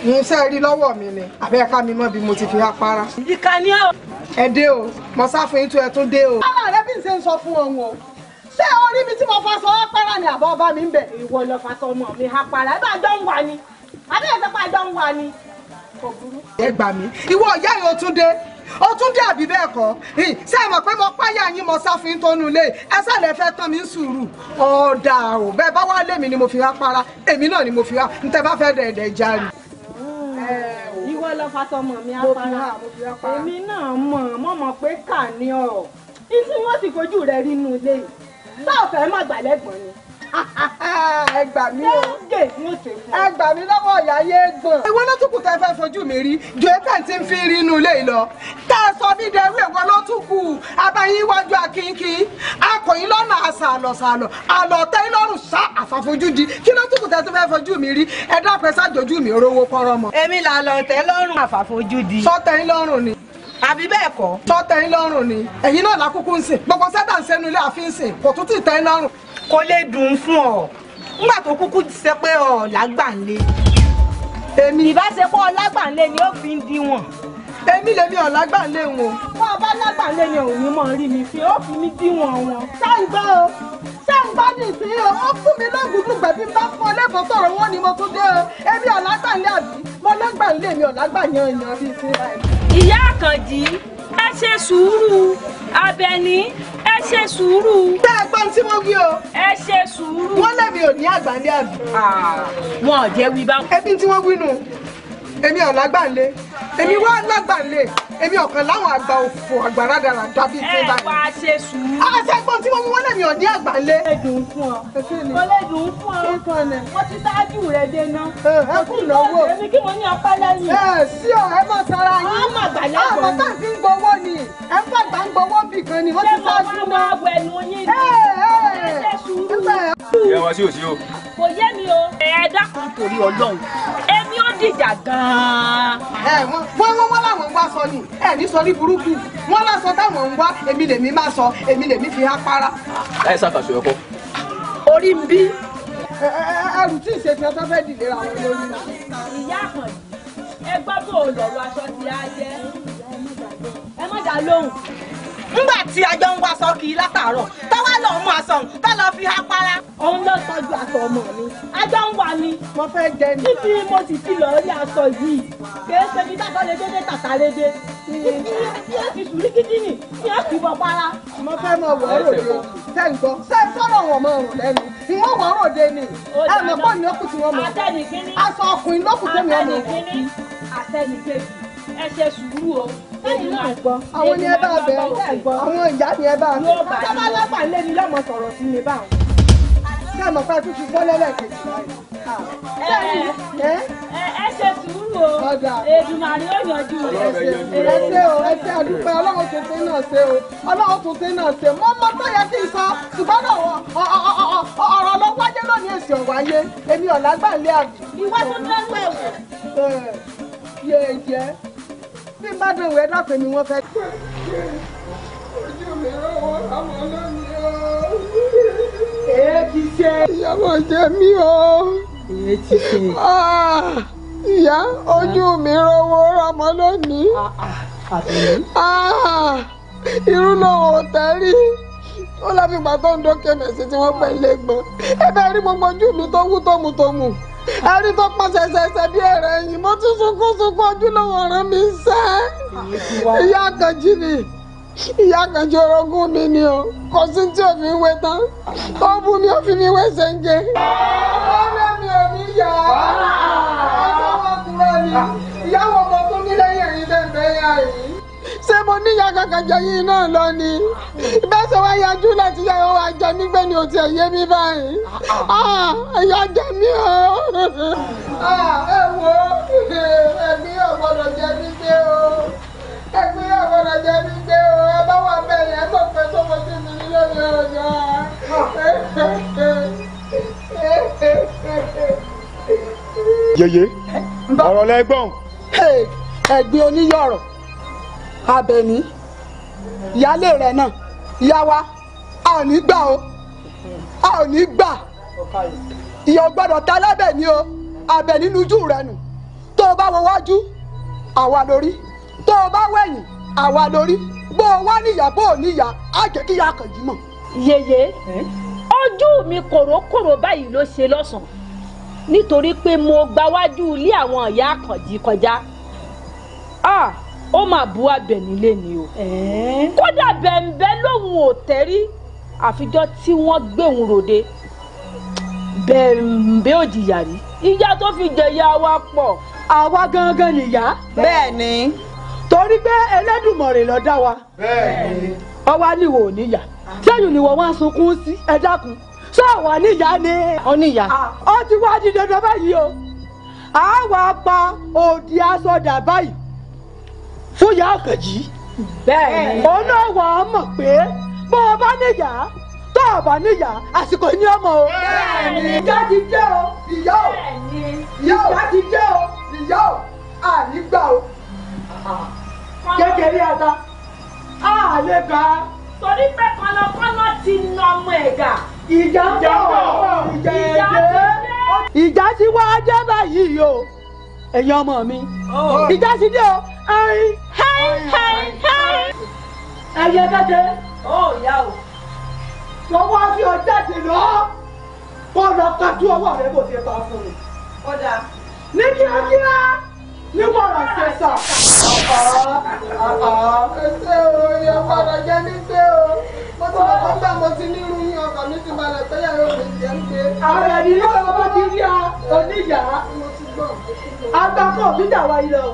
irinṣẹ́ rí lọ́wọ́ mi ni àbẹ́ ká mi mọ́ bí mo ti fi hápárá. ìkànnì ọ̀. ẹ dé o mo sá fún yín tó ẹ tó dé o. ọmọ rẹ bí n ṣe ń sọ fún ọhún o ṣé orí mi tí mo fa sọ hápárá ni àbọ̀ ọba mi ń bẹ̀. ìwọ lọ fa ọmọ mi hápárá ẹ bá jọ ń wà ni abẹ́rẹ́ pẹ́pẹ́ àjọ ń wà ni. ẹ gbà mí ìwọ ìyá yìí ó tún dé ó tún dé àbí bẹ́ẹ̀ kọ́ ṣé ẹ mọ̀ pé mo páyà yín mo sáfin tó nu ilé ẹsẹ̀ lẹ fẹ́ tán mi ń sùúrù ọ̀dà o, bẹ́ẹ̀ bá wá lèmi ni mo fi wá para èmi náà ni mo fi wá n tẹ bá fẹ́ dẹ̀ẹ̀dẹ̀ jari. ìwọ lọ fatọmọ mi apara èmi náà mọ̀ mọ̀ mọ̀ pé kà ní ọ̀ ní tí wọ́n ti fojú rẹ̀ rí nu ilé yìí báwo fẹ́ má gbàlẹ́gbọ̀n ni. (laughs) ẹ gbà mí o ẹ gbà mí lọ́wọ́ ìyá yé gbọ̀n. ìwọ ló tún kù tẹ́ fẹ́ fojú mi rí ju ètò tí ń fi rí inú ilé lọ. tá a sọ mí dẹrú ìwọ ló tún kù abayín iwájú akínkín akọ̀yìn lọ́nà àṣàlọ̀ṣàlọ̀ àlọ́tẹ́ ìlọ́rùn sá àfàfojúdi kí ló tún kù tẹ́ tún fẹ́ fojú mi rí ẹ dápẹ́ sájọjú mi rówó kọ́rọ́ mọ́. èmi là lọ́tẹ́ lọ́rùn àfàfojúdi. sọ́tẹ́ ìlọ́rùn ni àbí bẹ́ẹ̀ kọ́. tọ́tẹ̀ ń lọ́rùn ni ẹ̀yin náà lákòókò ń sìn gbogbo sẹ́dà ń sẹ́nu ilé àfi ń sìn kò tún ti tẹ́ ń kò lè dùn fún ọ nígbà tó kúkú ṣe pé ọ lágbàǹlé. èmi ìbáṣepọ̀ lágbàǹlé ni ó fi ń díwọ̀n. èmi lèmi ọ̀ lágbàǹlé wọn. bọ́ ọ bá lágbàǹlé ni òun ní mọ̀ rí mi fi ó fi mí díwọ̀n wọn. ṣá ń gbọ́ o ṣá ń gbọ́ ní ìsín o ó fún mi lóògùn gbẹ̀bí bá fún ọ lẹ́kọ̀ọ́ sọ̀rọ̀ wọn ni mo tún dé o èmi ọ̀ lágbàǹlé àbí mo lágbàǹlé mi ọ̀ lágbàǹlé èèyàn bíi ẹ ṣe sùúrù abẹni ẹ ṣe sùúrù. bẹ́ ẹ gbọ́n tí mo wí o. ẹ ṣe sùúrù. wọ́n lẹ́mi ò ní àgbáńlé àbí. wọn ò jẹ́ wí bá. ẹbí tí wọ́n wí nù èmi ò lágbàǹlé èmi wá lágbàǹlé èmi ọ̀kan láwọn àgbà òfò àgbàrá dara dábì tí báyìí. ẹ wá ṣe sùúrù. àṣẹ gbọ́n tí wọ́n mú wọn lẹ́mi ọ̀dí àgbà lé. mo lè dùn fún ọ mo lè dùn fún ọ mo ti ṣáájú rẹ dénà. ẹ kú ìnáwó èmi kí mo ní ọpẹ́ lẹ́yìn. ẹ sí ọ ẹ mọ sara yín. ọ mà gbà lágbọn ni. tá à ń ń gbowó ni ẹ ń fàgbà ń gbowó bì ni wọ́n ti ṣáájú náà. ṣé mo máa wọ ẹnu yín ni. ẹ ẹ ẹ ìyá wa sí òsì o. kò yé mi o. ẹ dákun torí ọlọ́run èmi ó dìjà gan-an. ẹ wọ́n wọ́n wọ́n làwọn ń wá sọ ni ẹ ní sọrí burúkú wọ́n lásọ táwọn ń wá èmi lèmi má sọ èmi lèmi fi há para. ẹ ṣàkàṣọ ẹ̀kọ́. orí ń bí. ẹrù tí ìṣètò ọtọ fẹẹ dìde ra wọn lórí. ìyá àkànjì ẹ gbọ́ bó o lọ̀rọ̀ aṣọ ti á jẹ́ ẹ má dá lóhùn ńgbà tí ajọ ń wá sọ́ọ̀kì látàárọ̀ táwa lọ mú aṣọ òun tá fi há para. òun ló tọ́jú aṣọ ọmọ mi ajọ ń wá ni mo fẹ́ jẹ ní. títí mo sì ti lọ rí aṣọ yìí kìí ṣe bí dákọ́ lè dédé tàtà lè dé. mo fẹ́ mọ wọ́ òròde sẹ́ǹgbọ́ sẹ́ǹtọ́rọ̀ wọn mọ ọ̀rùn lẹ́nu ìwọ́n wọ́ òròde ni ẹ̀mẹ̀kọ́ ni ó kù tí wọ́n aṣọ ọkùnrin ló kù tí wọ́n mọ̀ ẹ ṣe sùúrù o lẹ́yìn náà gbọ́ àwọn ni ẹ bá bẹ àwọn ìyá ni ẹ bá bẹ sábà lápá ilé ni lọ́mọ sọ̀rọ̀ sí mi báwọn ká mọ̀ pé tuntun bọ́ lẹ́lẹ́kejì báyìí. ẹ ṣe sùúrù o Èdùmàrè ó yanjú rẹ. ẹ ṣe o ẹ ṣe àdúpẹ́ ọlọ́run tuntun náà ṣe o ọlọ́run tuntun náà ṣe mọ́ mọ́ tó yẹ kí n sọ ṣùgbọ́n náà ọ̀rọ̀ ló wáyé lónìí èsì ọ̀rọ̀ ayé èmi ọ̀làgbà ilé àbí. ìwádìí ló ń wẹ̀ wò. yéèjẹ́ bí n bá dọ́pẹ́ ni wọ́n fẹ́. ojú ti ṣe. ìyàwó jẹ mí o. èé ti ṣe. Ah, ìyá ojú mi rọwọ́ àmọ́ lónìí. Ah, ah, irú náà ò tẹ́rí ó láfi gbà tó ń dókè mẹ̀sì tí wọ́n pẹ̀ lẹ́gbọ̀n ẹ bẹ́ẹ̀ rí gbogbo ojú mi tó wú tómùtómù ẹni tó pọn ṣẹṣẹṣẹ bí ẹrẹ yìí mo tún sunkún sunkún ojúlówó ọ̀ràn mi ń ìyá àkànjì ni ìyá àkànjì orogún mi ni o kò sí tí ò fi wé tán ó bú mi ó fi mi wé ṣẹ́ńgé ó lé mi ò ní yá ọ̀dọ́ ọmọkùnrin mi ìyáwó ọmọ tó ní lẹ́yìn ẹ̀yìn bẹ́ẹ̀ bẹ́ẹ̀ yá yìí ṣé mo níyà kankan jẹ yín náà lọ ni ìbẹ́sẹ̀ wá yájú láti yá wa jẹ mí gbé ni o ti ẹ̀yẹ mi báyìí ẹ̀yà ah, jẹ mí o ah, ẹ wo ẹ̀mí ọ̀gbọ́dọ̀ jẹ mí gbé o ẹ̀mí ọ̀gbọ́dọ̀ jẹ mí gbé o ẹ bá wà bẹ́ẹ̀ ẹ kò fẹ́ sọ́kò sí mi nílé mi ò yá. yeye ọ̀rọ̀ lẹ́gbọ̀n. ẹgbẹ́ oníyọ̀rọ̀. Àbẹ̀ní ìyáálé rẹ̀ náà ìyá wa a ò ní gbà o a ò ní gbà ìyá ọgbọ́dọ̀ ta lábẹ̀ní o Àbẹ̀ní lójú rẹ̀ nù tó o bá wo wájú àwa lórí tó o bá wẹ̀yìn àwa lórí bó o wá níyà bó o níyà á jẹ́ kí ìyá kàn jí mọ̀. yèyé ojú mi kòrókòró báyìí ló ṣe lọ́sàn-án nítorí pé mo gbáwájú ilé àwọn ìyá àkànjì kọjá. Ah ó máa bu abẹ nílé ni o kódà bẹ̀ǹbẹ̀ lòun ò tẹ́rí àfijọ́ tí wọ́n gbéhùn ròde bẹ̀ǹbẹ̀ ò jìyà rí ìyá tó fi jẹ̀yà wa pọ̀. àwa gangan nìyá. bẹ́ẹ̀ ni. torí pé Elédùmarè ló dá wa. bẹ́ẹ̀ ni. ọwọ́ á níwò níyà sẹ́yìn ni wọ́n wá sunkún sí ẹ dákun àwa níyà ni. ó níyà. ó ti wá di dandan báyìí o àwa pa òdì aṣọ dà báyìí fún ìyá àkànjì òun náà wà á mọ̀ pé bó o bá níyà tó o bá níyà àsìkò ní ọmọ o. ìjà ti dé o ìyá o ìjà ti dé o ìyá o ànígbà o kékeré ata a lè gbà. torí pé kọlọkọlọ ti nà ọmọ ẹ̀gà. ìjà ń bọ̀ ìjà ẹ̀jẹ̀ ìjà ti wá dé báyìí o ẹ̀yin ọmọ mi oh. ìjà ti dé o ẹyin ẹyin ẹyin. ẹyẹ tẹ́tẹ́. ó yá o. lọ́wọ́ kí o jáde lọ. kó lọ kájú ọwọ́ rẹ bó ti pa fún mi. kódà. ní kíákíá ní mọ̀ràn ṣẹṣà. ẹsẹ̀ o ìyá padà jẹ́ nígbẹ́ o mo ti lọ kọ́ gbà mo ti ní irun yín ọkàn mi ti balẹ̀ pé yàrá òbí jẹ́ ń gbé. ààrẹ ni yóò lọ bá ti rí a oníyàá. agbákọ̀ mi dà wá ilẹ̀ o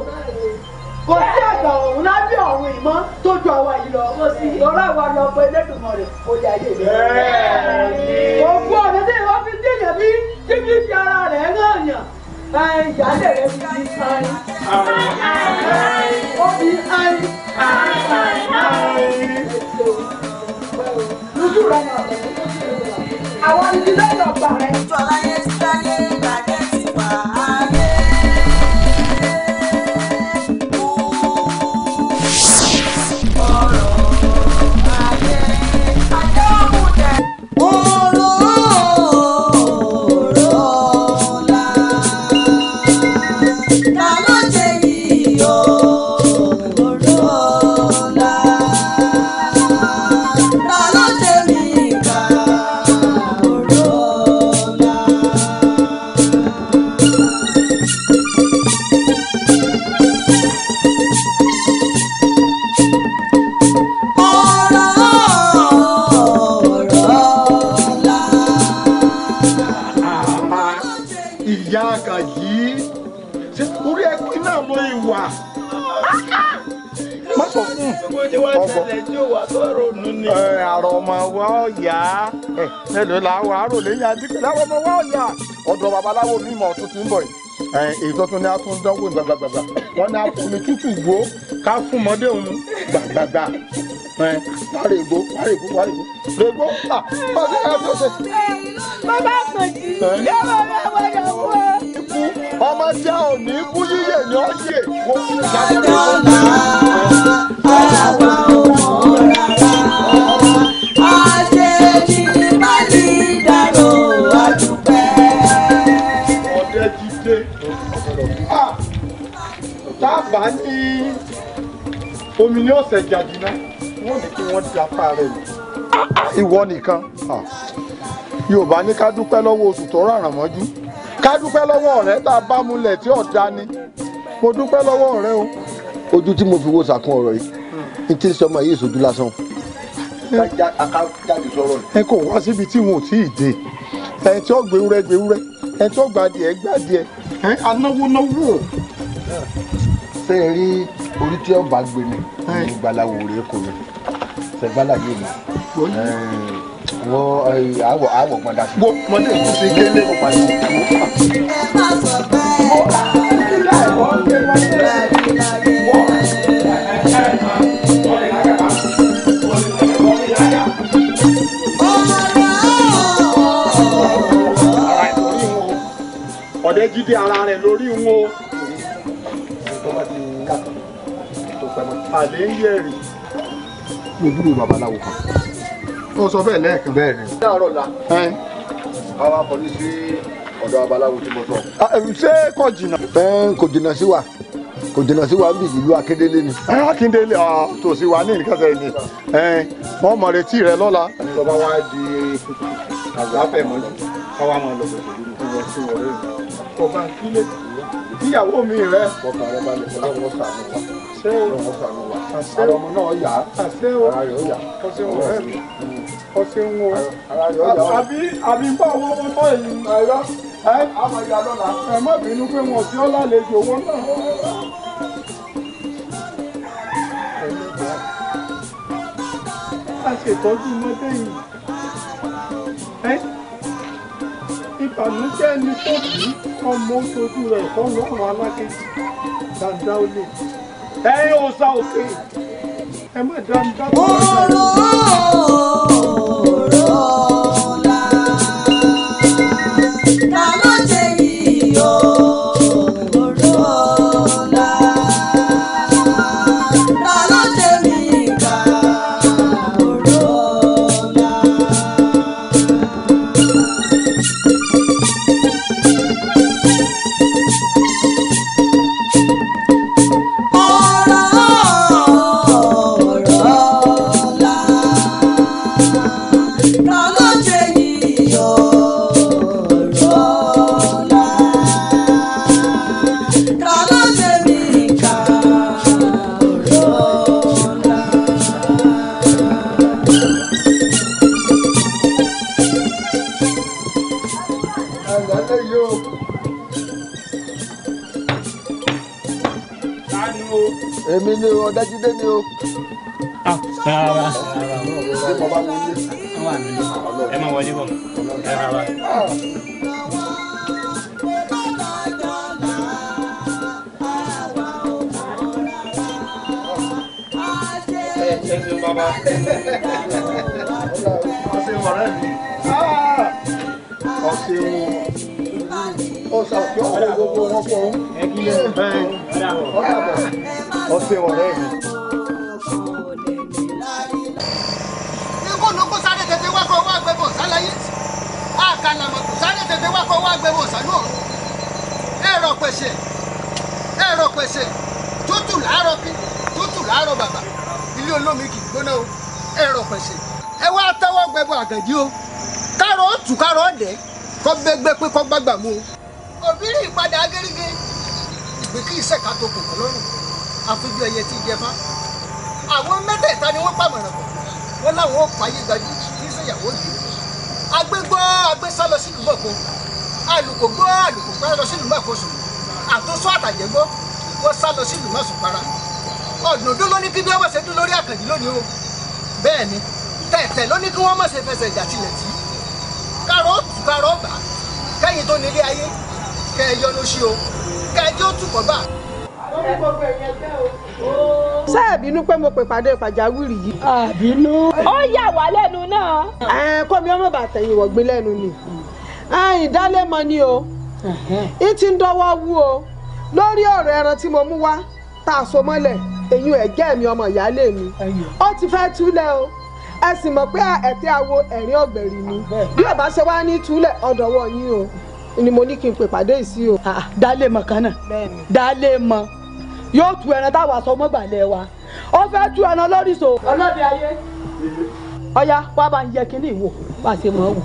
kò sí àgbà ọ̀hún lábẹ́ ọ̀hún ìmọ̀ tó ju àwa yìí lọ lọ́rọ̀ àwa lọ pé lẹ́dùnmọ̀ rẹ̀ kò yà yé mi. òkú ọ̀dọ́ tí wọ́n fi déyàn bí títí fi ara rẹ̀ hàn yàn ìyáálé rẹ̀ fi di ain ó fi ain lójú rẹ̀ náà àwọn ìdílé ìjọba rẹ̀. lójú wa ṣẹlẹ̀ tí ò wá sọ̀rọ̀ nù ni. àrò ọmọ wa ọ̀yà mélòó la wà àrò lẹ́yìn adigun láwọn ọmọ wa ọ̀yà ọ̀dọ̀ babaláwo mímọ́ ọ̀tún ti ń bọ̀ yìí ìtọ́tún ní atúndánwò gbàgbàgbà wọn ní akuni tútù gbó ká fún mọ́dé òun gbàgbàgbà wáré gbó wáré gbó wáré gbó lè gbó à bàbá yà tó ṣe. bàbá àpèjì yóò bàbá àgbàdo wọ. ikú ọmọ tí a ní kú yíyẹ ni ó bá ní omi ní ọ̀sẹ̀ jàjìnà wọ́n ní kí wọ́n di apá rẹ̀ ìwọ nìkan yorùbá ní ká dúpẹ́ lọ́wọ́ oṣù tó ràn mọ́jú ká dúpẹ́ lọ́wọ́ ọ̀rẹ́ tá a bá múlẹ̀ tí ọ̀dá ni mo dúpẹ́ lọ́wọ́ ọ̀rẹ́ o ojú tí mo fi wo sàkún ọ̀rọ̀ yìí n tí ń sọmọ yìí ìṣojú lásán. Eh. ẹ kò wá síbi tí wọn ò tí ì dé ẹni tí ó gbẹwúrẹ gbẹwúrẹ ẹni tí ó gbàdìẹ gbàdìẹ ẹ anáwó náwó ṣe rí orí tí ọba gbé mi ní eh. gbalawo rèé kò mi ṣẹgbàlàyé mi wọ eh, àwọ àwọ gbọdá sí. wo mọdé kù sí kélé òpàdé. ẹ má sọ báyìí. ó kí láì wọ́n rẹ̀ jíde ara rẹ̀ lórí wọn o. àlè ń yẹ̀rì. mo dúró babaláwo kan. ó sọ bẹ́ẹ̀ lẹ́ẹ̀kan. bẹ́ẹ̀ ni. láàárọ̀ la. àwa kò ní sí ọ̀dọ̀ babaláwo tí mo sọ. ṣé kò jìnnà. kò jìnnà sí wa kò jìnnà sí wa bí ìlú akédélé ni. ẹ akédélé ọ tòsí wa ní ìkẹsẹ ni wọn mọ retí rẹ lọ́la. ìjọba wa di àgbàfẹ́ mọ́jú káwa máa lọ sọ̀tò lórí ìwọ̀n tí wọ́n rẹ̀ kọ bá ìyàwó mi rẹ. ọkàn rẹ balẹ̀ ọlọ́run ọ̀sà mi wà ọlọ́run ọ̀sà àwọn ọmọ náà yà á ara rẹ̀ yà ó ṣe ń wo ara rẹ̀ yà ó. àbí àbí bá owó wọn tó èyí ẹ̀rọ ẹ má bínú pé wọn sí ọ́ lálejò owó náà. a ṣètọ́jú mọ́tẹ́yìn ìbànújẹ́ ni kò bí ọmọ oṣooṣù rẹ̀ fọ́nà ọ̀run alákejì dàda olè ẹ̀yin ọ̀sà òkè ẹ má dá òróró òróró. lọ́dọ̀ yẹn ti jẹfá àwọn mẹ́tẹ̀ẹ̀ta ni wọ́n pàmọ̀ràn pọ̀ wọ́n láwọn ó payé gbajú kí sèyàwó yìí agbégbó agbésá lọ sílùú mọ̀kó alùkògbó alùkògbá lọ sílùú mọ̀kó sùn àtúnṣọ́ àtàjẹ́gbó wọ́n sá lọ sílùú mọ̀sùn para ọ̀dùn dún ló ní kí bí wọ́n ṣe dún lórí àkànjì lónìí o bẹ́ẹ̀ ni tẹ̀tẹ̀ ló ní kí wọ́n má ṣe fẹsẹ̀ ìjà tilẹ̀ tí kárọ̀ tù kárọ̀ bà kẹ́yìn tó kẹ́ sẹ́ẹ̀bínú pé mo pè pàdé pàjáwìrì yìí. àbínú. ó yà wá lẹ́nu náà. ẹ kó mi ọmọ bàtà yìí wọ̀gbìn lẹ́nu ni. ìdálémọ ni o n ti ń dọwọ́ wú o lórí ọ̀rọ̀ ẹran tí mo mú wá tá a so mọ́lẹ̀ èyí ẹ̀gẹ́ mi ọmọ ìyáálé mi ó ti fẹ́ túlẹ̀ o ẹ sì mọ̀ pé ẹ̀tẹ́ awo ẹ̀rín ọ̀gbẹ̀rì ni bí ọba ṣe wá ní túlẹ̀ ọ̀dọ̀wọ̀ yín o ni mo ní kí n pè pàdé yìí sí o. dálé mọ kan dálé mọ yóò tu ẹran táwa sọ mọ́gbàlẹ̀ wa ó fẹ́ tu ẹran lóríṣò ọlọ́dẹ ayé ọya wá bá ń yẹ kínní ìwò bá a ṣe mọ̀ ọ́ wò.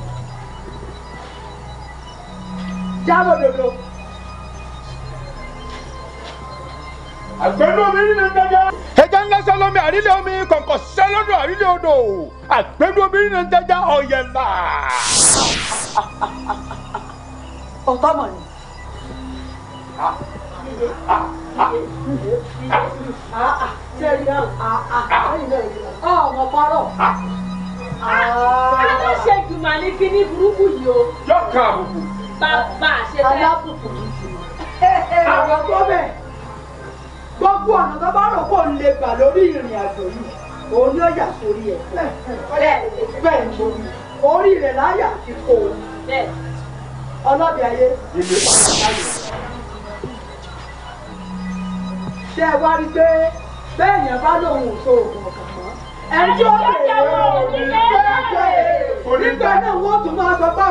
jábọ̀ dòdò. àgbẹ̀nú omi nílẹ̀ dájá. ẹja ńlá sálọ́mì àrílẹ̀ omi kọ̀ǹkọ̀ sálọ́dọ̀ àrílẹ̀ odò àgbẹ̀nú omi nílẹ̀ dájá ọ̀yẹ̀là. ọ̀tọ̀ mọ̀ ni. Ah sẹ́yìn náà ọmọ pọ́rọ̀. aláṣẹ ìgbìmọ̀ ni kíní burúkú yìí o. yọ̀ọ̀ka àbùkù. bàbá àṣẹ bẹ́ẹ̀. alábùkù kì í ṣe. àwọn tó bẹ̀ gbogbo ọ̀nà tó bá rò kó ń lè gbà lórí ìrìn àjò yìí òun ni ó yà sórí ẹ̀. bẹ́ẹ̀ ni mo rí orí rẹ̀ láyà ti kó o. ọlọ́bì ayé. ilé pàtàkì ṣe é wá rí pé bẹ́ẹ̀ yẹn bá lòun ò so oògùn ọ̀kàn mọ́ ẹni tí ó lè wọ òní pẹ́ẹ́pẹ́ nígbà náà wọ́n tún máa sọ pé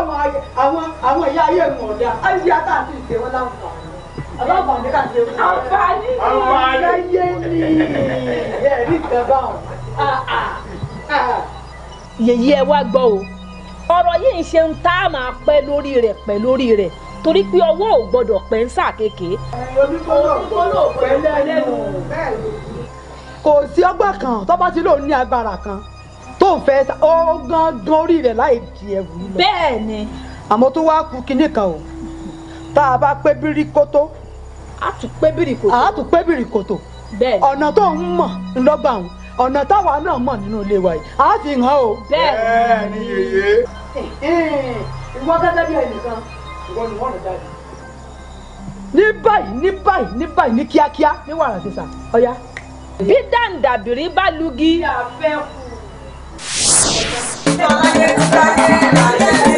àwọn àwọn ìyá ayé mọ̀ ọ̀dà ayé àtàtì ìṣe wọn láǹfààní aláǹfààní kàṣe wọn. àǹfààní ni ayé ni ẹ̀rí kan báwọn. yèyí ẹ wá gbọ́ o ọ̀rọ̀ yìí ń ṣe ń tá a máa pẹ́ lórí rẹ̀ pẹ́ lórí rẹ̀ torí pé ọwọ́ ò gbọ́dọ̀ pẹ́ ń sà kéèké. onígbọ́dọ̀ pẹ́ lẹ́nu. kò sí ọgbà kan tó bá ti lóun ní agbára kan tó fẹ́ ó gán orí rẹ̀ láì di ẹ̀wù lọ. bẹ́ẹ̀ àmọ́ tó wá ku kinní kan o tá a bá pé bírí kótó. a tún pé bírí kòtò. a tún pé bírí kòtò. bẹ́ẹ̀ ni ọ̀nà tó ń mọ̀ ńlọ́gbà òun ọ̀nà táwa náà mọ̀ nínú ilé wa yìí a fi hàn o. bẹ́ẹ̀ ìwọ gẹ́gẹ́ bí ẹnìkan ìwọ ni wọ́n rẹ̀ jáde. ní báyìí ní báyìí ní báyìí ní kíákíá ní wàrà sísà ọ̀yá. bí dàǹdàbìrì bá lugi. ìyá fẹ́ kú. ọ̀la yẹn ti ta yẹn lálẹ́.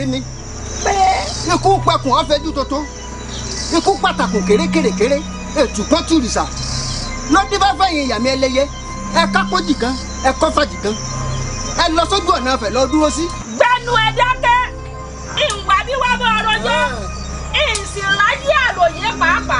gbàgbé ni ikú pakùn ọ̀fẹ́jú tuntun ikú pàtàkùn kérékèrèkéré ètùkọ́ tùrìsà lọ́dí bá fẹ̀yìn ìyàmí ẹlẹ́yẹ ẹ kápójì kan ẹ kọ́fàjì kan ẹ lọ sójú ọ̀nà ọ̀fẹ́ lọ dúró sí. gbẹnu ẹ dákẹ́ ìwà bí wàá bọ ọ̀rọ̀ jẹ ìsìn láyé àròyé pàápàá.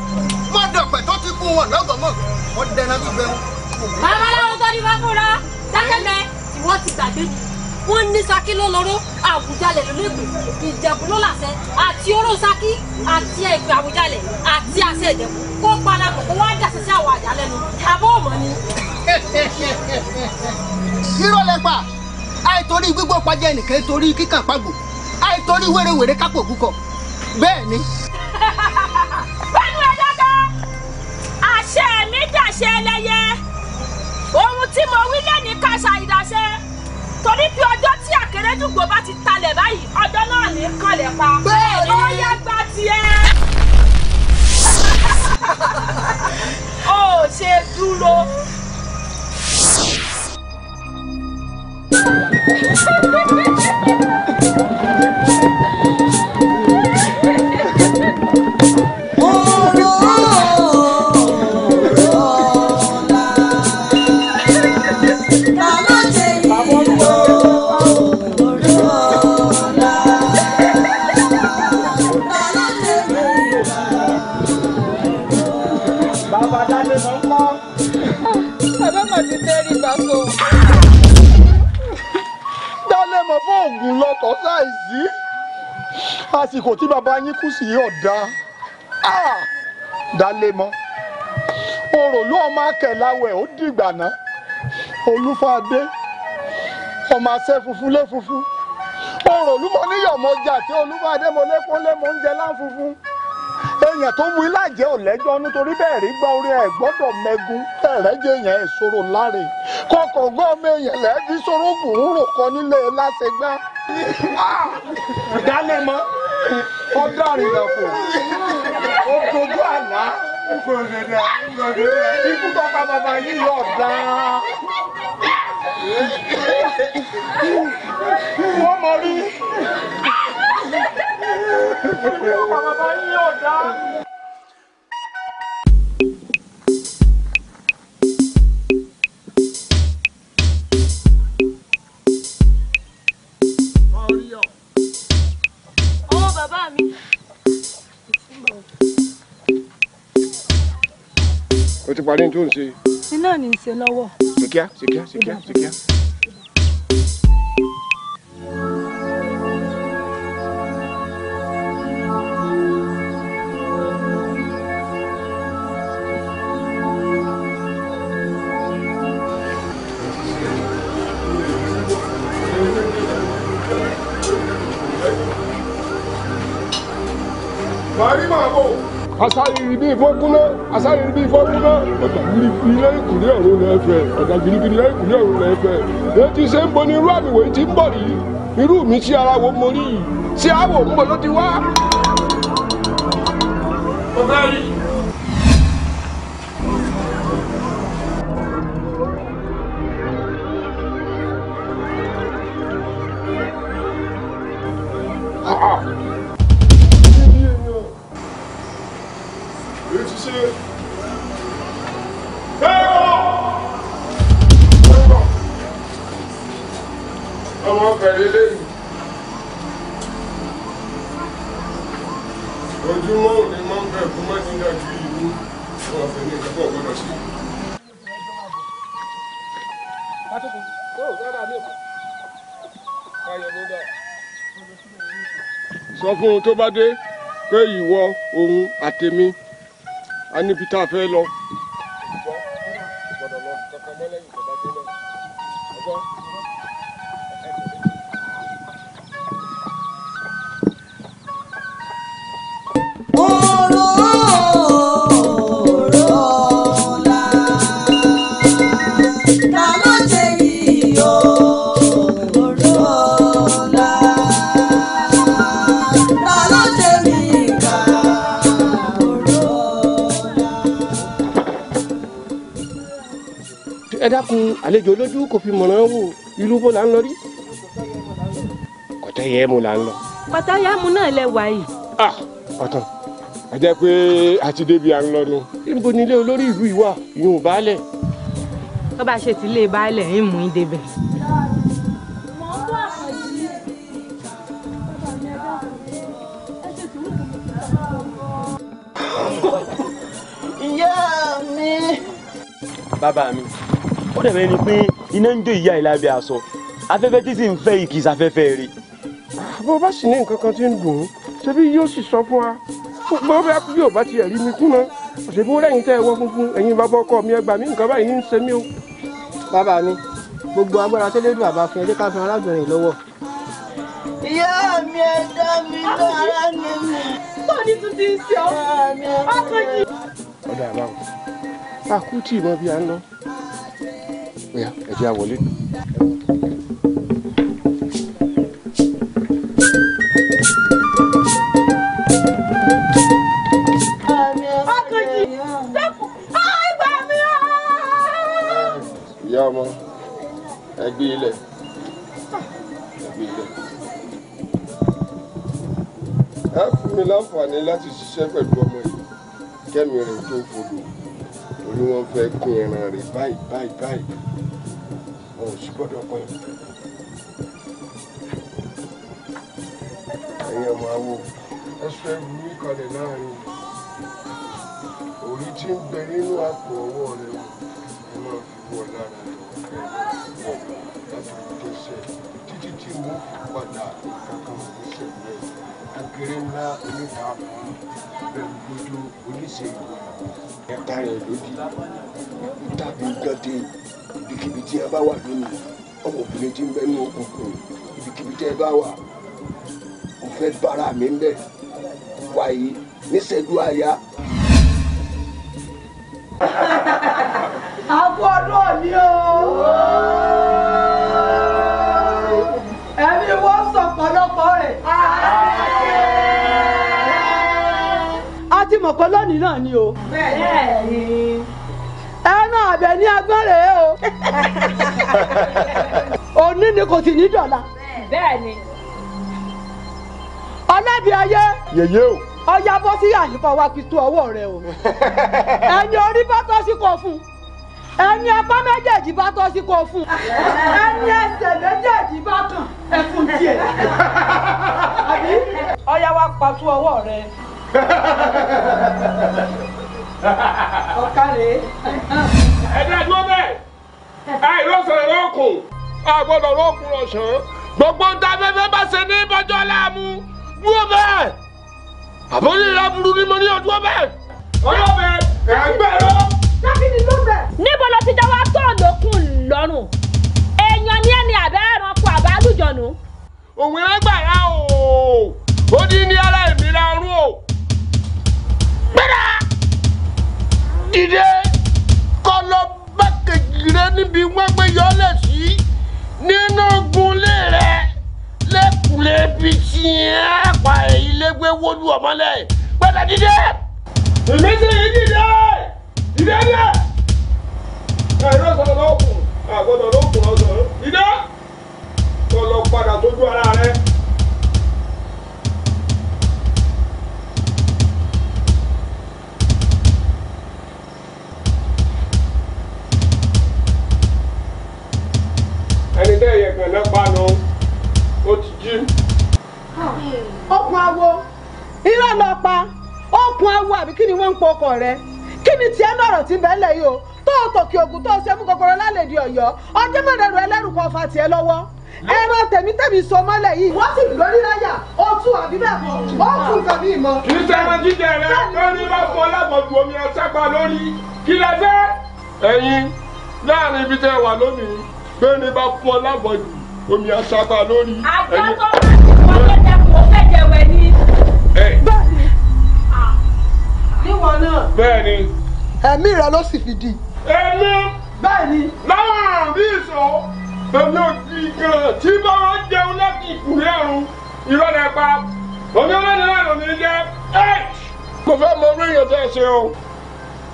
fún wọn lọ́gọ̀mọ̀ wọ́n dẹran tún bẹ́ẹ̀ wọn. babaláwo tó ní bá fúnra sákẹ́mẹ́ tí wọ́n ti gbàgbé wọ́n ní saki ló lọ́rọ́ àwùjalè ló lẹ́gbẹ̀ẹ́ ìjẹ̀bù ló làṣẹ àti oró saki àti ẹ̀gbẹ̀ àwùjalè àti àṣẹ ìjẹ̀bù kó padà kò kó wá dàṣẹ sí àwọn àjálẹ̀ nu àbọ̀ ọ̀mọ̀ ni. rírọ̀ lẹ́pà àìtorí gbígbó pajẹ́ nìkan torí kíkàn pàgbò àìtorí wẹ́rẹ́wẹ́rẹ́ kápò kúkọ bẹ́ẹ̀ ni ṣe ẹlẹ́yẹ ohun tí mo wí lẹ́ni ká ṣàìdáṣe torí pé ọjọ́ tí àkérédùgbò bá ti talẹ̀ báyìí ọjọ́ náà ní kanlẹ̀ pa bẹ́ẹ̀ni ó yẹ gba tiẹ̀. ó (laughs) ṣe dúró. Ha ha ha! kọ́ láìsí àsìkò tí bàbá yín kú sí ọ̀dà dálé mọ́ òròlú ọmọ akẹ̀láwẹ̀ ó dìgbà náà olúfàdé ọmọ asẹ́ funfun lé funfun òròlú mọ́ níyọ̀ mọ́ jà tí olúfàdé mọ́ lẹ́kún lé mọ́ ń jẹ láǹfunfun èèyàn tó mú ilá jẹ́ òlẹ́jọ́ nítorí bẹ́ẹ̀ rí gbọ́ orí ẹ̀ gbọ́dọ̀ mẹ́gun tẹ̀rẹ́ jẹ́ èèyàn láre kọkọ̀ gbọ́ ọmọ èèyàn lẹ́ẹ̀dí ṣòro gbùrùrù kan nílé lásẹ̀gbá. dálé mọ́ ó dọ̀rìn lọ́kọ̀ àná ikú tó bàbá yìí yọ̀ dáa wọ́n mọ̀ rí ìlú o ti parí ní tó ń ṣe. iná ní í ṣe lọ́wọ́. ṣèkíá ṣèkíá ṣèkíá ṣèkíá. màá rí màá bò. asáriri bíi fọkúná asáriri bíi fọkúná ọ̀dà gírígírí lẹ́yìn kùnú ọ̀rọ̀ fẹ́ ọ̀dà gírígírí lẹ́yìn kùnú ọ̀rọ̀ rẹ̀ fẹ́ ètí ṣe ń bọ ní irú àbíwò tí ń bọ̀ yìí irú mi sí ara wo mo rí yìí sí àwò ń bọ̀ ló ti wá. ọ̀gá yìí. fún un tó bá dé pé ìwọ òun àtèmi a níbi tá a fẹ́ lọ. ku àlejò lójú kò fi mọ̀ràn wò ìlú bó là ń lọ rí kọ̀tẹ́yẹmú là ń lọ. kọ̀tẹ́yẹmú náà lẹ wà yìí. ah ọ̀tàn a jẹ́ pé a ti débi à ń lọ nu níbo ni ilé olórí ìlú ìwà ìyún baálẹ̀. tó bá ṣe ti ilé baálẹ̀ ń mú in débẹ̀. mi ó dẹ̀ bẹ́ẹ̀ ni pé iná ń jó ìyá ìlàbẹ̀ aṣọ afẹ́fẹ́ tí sì ń fẹ́ ìkì sáfẹ́fẹ́ rí. bó bá sì ní nǹkan kan tí ń dùn ún ṣebí yóò sì sọ fún wa gbogbo bá yóò bá tiẹ̀ rí mi kú mọ́ ṣèbí lẹ́yìn tẹ́ ẹ wọ́n funfun ẹ̀yin bàbá ọkọ mi ẹgbàá mi nǹkan báyìí ní í ṣe mí o. bàbá mi gbogbo agbára tó lédùn àbá fún ẹ jẹ́ ká fi arábìnrin lọ́wọ́. ìyá mi ẹ dá mi lára ní mi. tọ́ni tún ti ń ṣe ọ́ ọkọ yìí. ọ̀dà àbáwọ̀ àkútì mọ bí a ń lọ ẹ jẹ́ àwọlé. ìyá ọmọ ẹ gbé ilẹ̀ ẹ gbé ilẹ̀ ẹ fún mi láǹfààní láti ṣiṣẹ́ pẹ̀lú ọmọ yìí kẹ́mi rẹ̀ tó fòdò torí wọ́n fẹ́ kún ẹran rẹ̀ báyìí báyìí báyìí ò sì gbọ́dọ̀ pẹ́. ẹ̀yin ọmọ awo ẹsẹ̀ mi kalẹ̀ láàrin orí tí ń bẹ nínú àpò ọwọ́ rẹ ẹ máa fi wọ̀ lára rẹ wọ̀ láti tẹ̀sẹ̀ títí tí mo fi padà kankan tẹ̀sẹ̀ rẹ akéré ńlá oníta bẹ̀rù gbójú ibikíbi tí ẹ bá wà lónìí ọmọbìnrin tí ń bẹ ní òkùnkùn ibikíbi tí ẹ bá wà mo fẹ́ bára mi ń bẹ̀ wàyí níṣẹ́jú àyà. (laughs) àbọ̀ ọdún mi o ẹ̀mí wọ́n sọ pọ̀lọpọ̀ rẹ̀. a ti mọ̀ pé lónìí náà ni o. bẹ́ẹ̀ ni. ẹnu àbẹ ní agbára o (laughs) òní ni kò sì ní ọlẹ́bi ayé. yèyé ọya bọ́ sí wa ọwọ́ rẹ o (laughs) ẹni orí bá tọ́ sí kò fún ẹni apá méjèèjì bá tọ́ sí kò fún ẹni ẹsẹ̀ méjèèjì bá kàn ẹkún (laughs) ọya wa pa ọwọ́ rẹ. ọ̀kàlẹ̀. ẹ̀dá tó bẹ́ẹ̀ àìlọ́sọ̀rọ̀ lọ́kùn àgbọ̀dọ̀ lọ́kùn lọ́sàn-án gbogbo ń ta fẹ́fẹ́ bá ṣe ní bọ́jọ́ láàmú dúró bẹ́ẹ̀ àbórí ìlà burú ni mo ní ọdún bẹ́ẹ̀. ọlọ́bẹ̀ ẹ̀ ń bẹ̀ lọ. dábìlì ló bẹ̀. níbo ló ti dáwọ́ tó lókun lọ́rùn èèyàn ní ẹni àbẹ́ ẹranko àbálùjọ̀nù. òwe rẹ gbà o ó dín ní aláìmíràn ọrùn o. gbéra dìde kọ́ lọ bá kejì rẹ níbi wọ́n gbé yọlẹ̀ sí nínú gunlé rẹ lẹ́kùnlé bíi tiẹ̀ pa èyí lẹ́gbẹ́ wọlú ọmọlẹ̀ gbọ́dọ̀ dìde. ìmísí yìí dìde dìde dẹ. ẹ̀rọ sọ̀rọ̀ lọ́kùn àgọ́dọ̀ lọ́kùn ọ̀sán dìde kọ́ lọ padà tójú ara rẹ. ẹni tẹ́ ìyẹ̀gàn náà panu ó ti jí. okùn awo irọ́ lọ pa okùn awo àbí kí ni wọ́n ń pọ ọkọ rẹ kí ni tiẹ̀ lọ́rọ̀ tí bẹ́ẹ̀ lẹ̀ yìí o tó o tòkè ògùn tó o ṣe mú kòkòrò lálẹ́dí ọ̀yọ́ ọjọ́ mẹ́rin rẹ lẹ́rù kan fa tiẹ̀ lọ́wọ́ ẹ̀rọ tèmi tèmi so mọ́lẹ̀ yìí wọ́n sì lórí láyà ó tún àbí bẹ́ẹ̀ kọ́ ó tún nǹkan bíi mọ́. kì í sẹ́ran jíjẹ rẹ lórí bá fọ lábọ̀dù omi ọ̀sápá lórí kí lẹ fẹ́ ẹ̀yin láàrin ibi tẹ́ wà lónìí bẹ́ẹ̀ni bá fún ọ lábọ̀jù omi aṣaba lórí. àjọ tó bá ti wọ́n tó dẹkùn ó fẹ́ jẹ̀wẹ̀ ni. bẹ́ẹ̀ni ah. níwọ̀n náà. bẹ́ẹ̀ni. ẹ̀mí rẹ ló sì fi di. ẹ̀mí. bẹ́ẹ̀ni. láàárín ìṣó èmi ò di gan tí bá wọn jẹun láti ìkùnrin àrùn ìrọ̀lẹ́ pa òní ọlọ́dún náà lòmí jẹ́ eight. kò fẹ́ mọ orí èèyàn ṣe o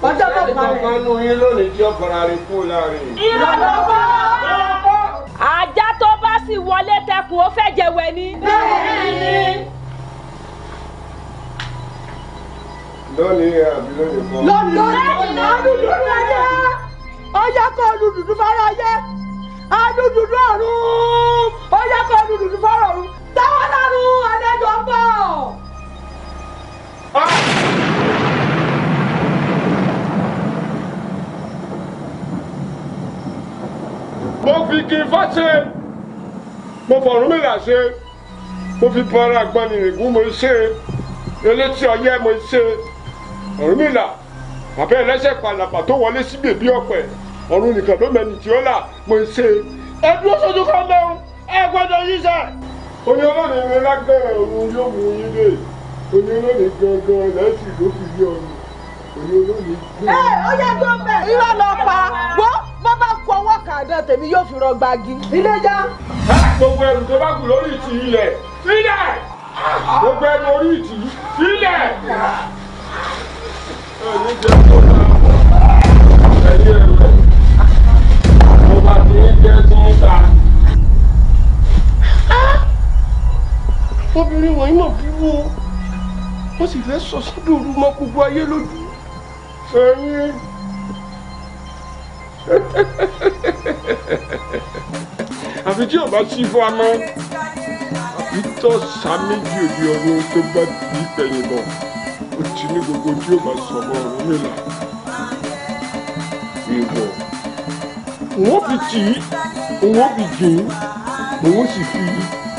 ọjọ́ kọ̀ọ̀kan rẹ̀. ọ̀sẹ̀ nìkan kan yín lónìí tí ọkọ̀ra rẹ̀ kú láàrin. ìrọ̀lọ́ kọ́ ajá tó bá sì wọlé tẹkùn ó fẹ́ jẹ wẹ̀ ni. bẹ́ẹ̀ ni. lónìí àbí lónìí kọ́. lónìí lónìí ayé ó yẹ kó olùdùdú fara yẹ adúdúdú ọ̀run ó yẹ kì í fá ṣe mo fọ̀rún mi là ṣe mo fi bọ ara àgbọn nìrìngún mo ṣe elétí ọyẹ mo ṣe ọ̀rún mi là bàbá ẹlẹ́sẹ̀ pàlàpà tó wọlé sí bèbí ọ̀pẹ ọ̀run nìkan ló mẹ́ni tí ó là mo ṣe ẹ dúró sójú kan lẹ́hùn ẹ gbọ́dọ̀ yí sẹ́. oní olóòní ni lágbára òun yóò mú yín dé oní olóòní gangan lẹ́sìn ló fi yí ọ̀run oní olóòní. ẹ ó yẹ kó bẹ irọ́ lọ pa gbọ́ bọ́ bá kọ ọ̀kadà tèmi yóò fi rọgba gi. ilé já. gbogbo ẹrù tó bá kù lórí ìtì ilẹ̀ ilẹ̀ gbogbo ẹrù orí ìtì ilẹ̀. obìnrin wọ̀nyí mọ̀ bí wo wọ́n sì fẹ́ sọ sódò orú mọ́ gbogbo ayé lójú. ẹ̀yin àfi tí ọba sí fún wa mọ́ àfi tọ́ sá méjì òdi ọ̀run tó bá bí ìfẹ̀yìn bọ̀ ó ti ní gbogbo tí ọba sọ bọ̀ ọ̀run nílà ìwọ̀ òun fi tì í òun fi jìn í òun sì fi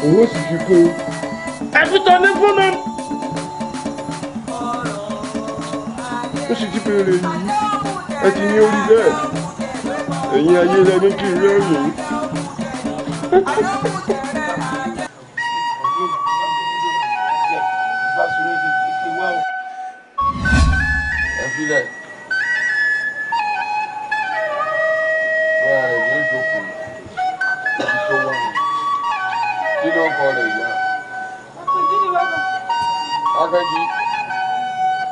òun sì fi kó ẹbí tọ́ ní fún mi. ó sì ti bèrè yìí ẹ ti ní orí bẹ́ẹ̀ ẹ̀yin ayé rẹ ní kí n rẹ́rìn. ẹ filẹ̀. kí ló ń kọ rẹ̀ ìyá. akẹ́jì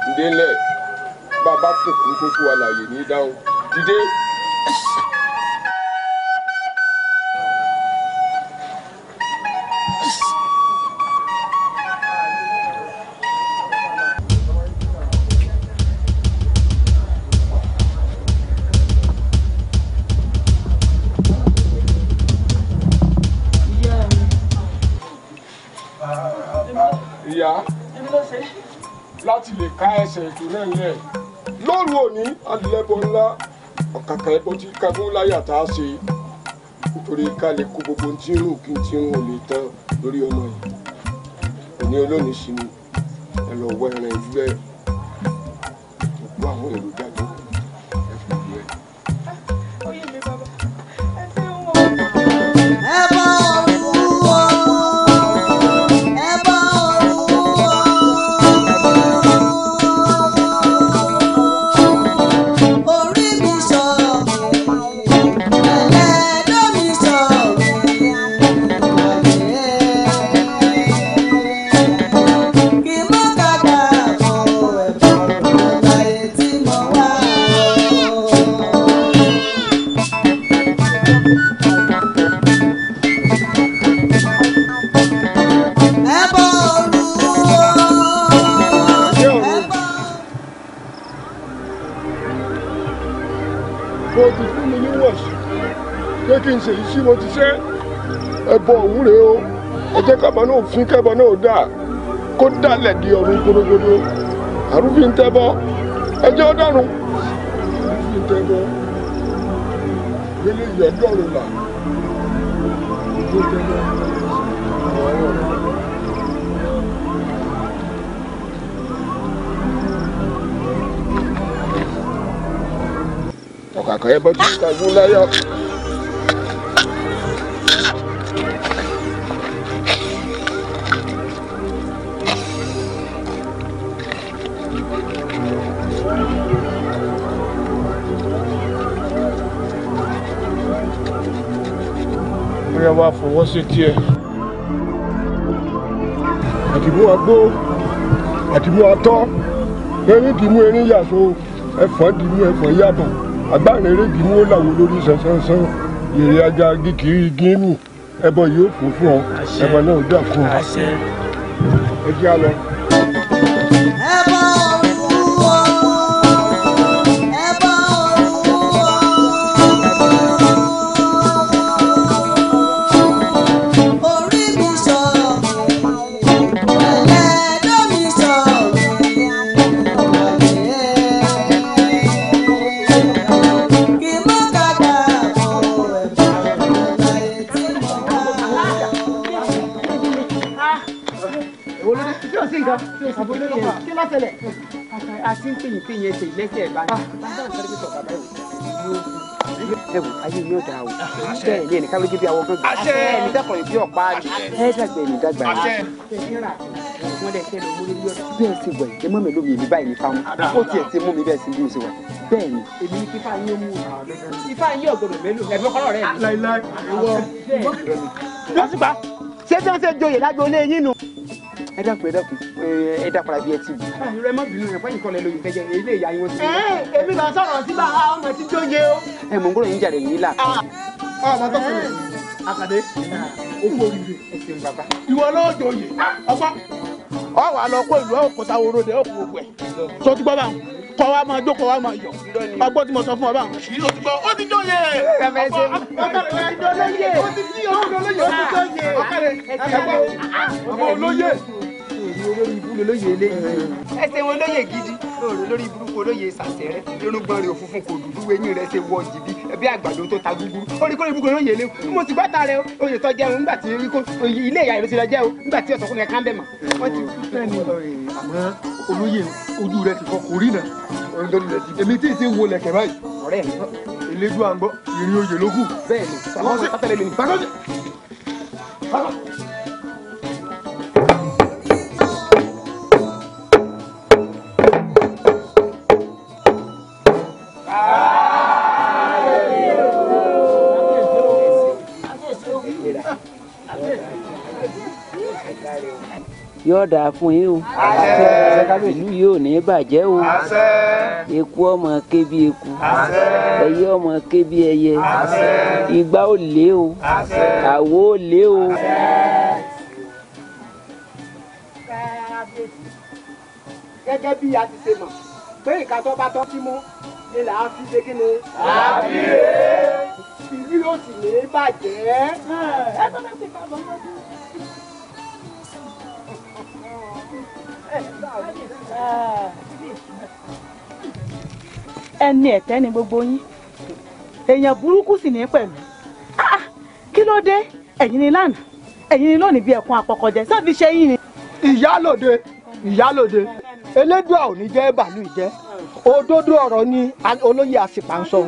ń délẹ̀ bàbá kùnkùn kókó àlàyé ní dáhùn. láti lè ká ẹsẹ̀ ètò náà lẹ̀ lóru òní alẹ́bọ ńlá ọ̀kàkà ẹbọ tí kagun láyà tá a ṣe nítorí ká lè kó gbogbo tí ń rù kí n ti ń wò lè tán lórí ọmọ yìí òní olónìí sí ẹ lọ wọ ẹran ìlú ẹ gbogbo àwọn èròjà ṣí mo ti ṣe ẹbọ òun rèé o ẹ jẹ́ kẹbọ náà òfin kẹbọ náà dà kó dalẹ̀ di ọ̀run gbódógbódó àrùfin tẹ́bọ ẹ jẹ́ ó dọ̀run àrùfin tẹ́bọ gbélé yẹ dọ̀run là àrùfin tẹ́bọ ọ̀rọ̀. kàkà ẹ bọ́ tí ká gún láyà. ìwọ ṣe tiẹ̀ àdìmú agbó àdìmú atọ́ erin dìmú erin yàtọ̀ ẹ̀fọn dìmú ẹ̀fọn yàtọ̀ agbárin eré dìmú ó làwọn olórí sánsánsán yèrè ajá gíkiri igi nù ẹbọ yìí ó fò fún ọ ẹbọ náà ó dà fún ọ ẹ jẹ́ àlọ́. ti ń pè yín pé yẹn ṣe ìlẹ́sẹ̀ ẹ̀ bá ní. ẹ ayé mi ò dáa o ṣe ẹ ní ẹni káwé gé awọ gángan ẹ ní dàpọ̀ bí ọ̀pá àdì ẹ dàgbẹ́ ẹni dàgbà bẹ́ẹ̀ sì wẹ̀ ẹ mọ́ lómi èmi báyìí ní fáwọn ó tiẹ̀ ti mú mi bẹ́ẹ̀ sì bí ṣe wẹ̀ bẹ́ẹ̀ ni. èmi ní kí fáyín ó mú un fáyín ọ̀gọ̀dọ̀ mélòó ẹ̀fọ́ kọ́rọ̀ rẹ̀ mi. láìláì ṣé tí wọ́n ṣe joyè lágbo ilé yín nù ẹ dákun ẹ dákun ẹ dákun àbí ẹ ti bù. Ah, ẹ má bínú rẹ fọyín kọlẹ lóyún fẹjẹ ilé ìyá yín wọn ti. ẹ èmi kan sọ̀rọ̀ sí bàbá ọmọ tí tó yẹ o. ẹ mọ̀ ń yín jàre yín là. ọ bàbá kò lè àkàdé owó ah. oríire ẹ ṣeun bàbá. ìwọ ló jòyè ọgbọ́n. ọ wà lọ kó ìlú ọkọ̀ sáwọ́rọ́ dẹ ọkọ̀ ògùn ẹ̀ báwọn kọ́ wa máa jó kọ́ wa máa yọ̀ ọgbọ́n tí mo sọ fún ọ bá. ìlú ti gbọ́ ó ti jó yẹ. ọkàlẹ̀ ti jó lóye. ó ti jó lóye. ọkàlẹ̀ ti jó lóye. ọkàlẹ̀ ti jó lóye olórí ibú lóye ilé ẹsẹ̀ wọn lóye gidi lórí burúkú olóye sàṣẹrẹ lórúgbọ́n rẹ̀ òfúnfún kò dúdú eyín rẹ̀ ṣe wọ jìbí bí àgbàdo tó ta gbúgbúrú oríkórè burúkú olóye ilé mo ti gbọ́ta rẹ oyè tó jẹun nígbà tí orí kó ilé ìyá rẹ ti lọ jẹ o nígbà tí ọ̀sán fún mi kàn bẹ̀ mọ́. wọ́n ti kú ni àmọ́ olóye ojú rẹ ti fọ kò náà èmi tí ì ti wo lẹ̀kẹ̀ báyìí. ọ̀rẹ́ mi yóò dáa fún yín o ìlú yóò ní bàjẹ́ o eku ọmọ kébi eku ẹyẹ ọmọ kébi ẹyẹ igbá ò lé o àwo ò lé o. gẹ́gẹ́ bí a ti ṣe mọ̀ pé ìka bá tọ́ sí ni làá fi ṣe kí ni ìlú yóò sì lè bàjẹ́. ẹni ẹ̀tẹ́ ni gbogbo yín èèyàn burúkú sì ní pẹ̀lú ah, kí ló dé ẹ̀yin ni lánàá ẹ̀yin ni lónìí bí ẹ̀kún apọ̀kọ̀jẹ́ sẹ́ẹ̀fì ṣe yín ni. ìyálòde ìyálòde elédùà ò ní jẹ́ bàálù ìjẹ́ òdodo ọ̀rọ̀ ni olóyè àsìpà ń sọ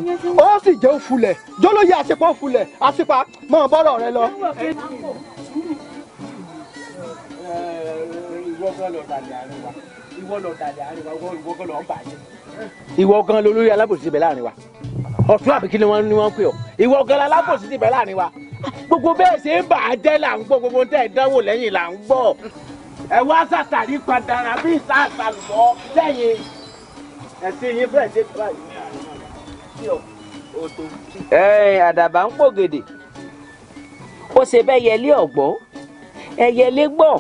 ó sì jẹ́ òfulẹ̀ jólóyè àsìpà òfulẹ̀ àsìpà mọ̀ bọ́rọ̀ rẹ lọ. ìwọ gan lolórí alábòsí bẹ láàrin wa ọ̀tún àbí kí ni wọ́n ní wọ́n pè ọ́ ìwọ gan alábòsí bẹ láàrin wa gbogbo bẹ́ẹ̀ ṣe ń bà á jẹ́ là ń gbọ́ gbogbo tẹ́ ẹ̀ dánwò lẹ́yìn là ń gbọ́ ẹ wá sàtàrí padàrà bí ìsá àtàlùmọ́ lẹ́yìn ẹ̀sìn yín bẹ́ẹ̀ ṣe báyìí sí ọ òtò. àdàbà ń pògèdè ó ṣe bẹ́ẹ̀ yẹlé ọ̀gbọ́ ẹyẹlé gbọ́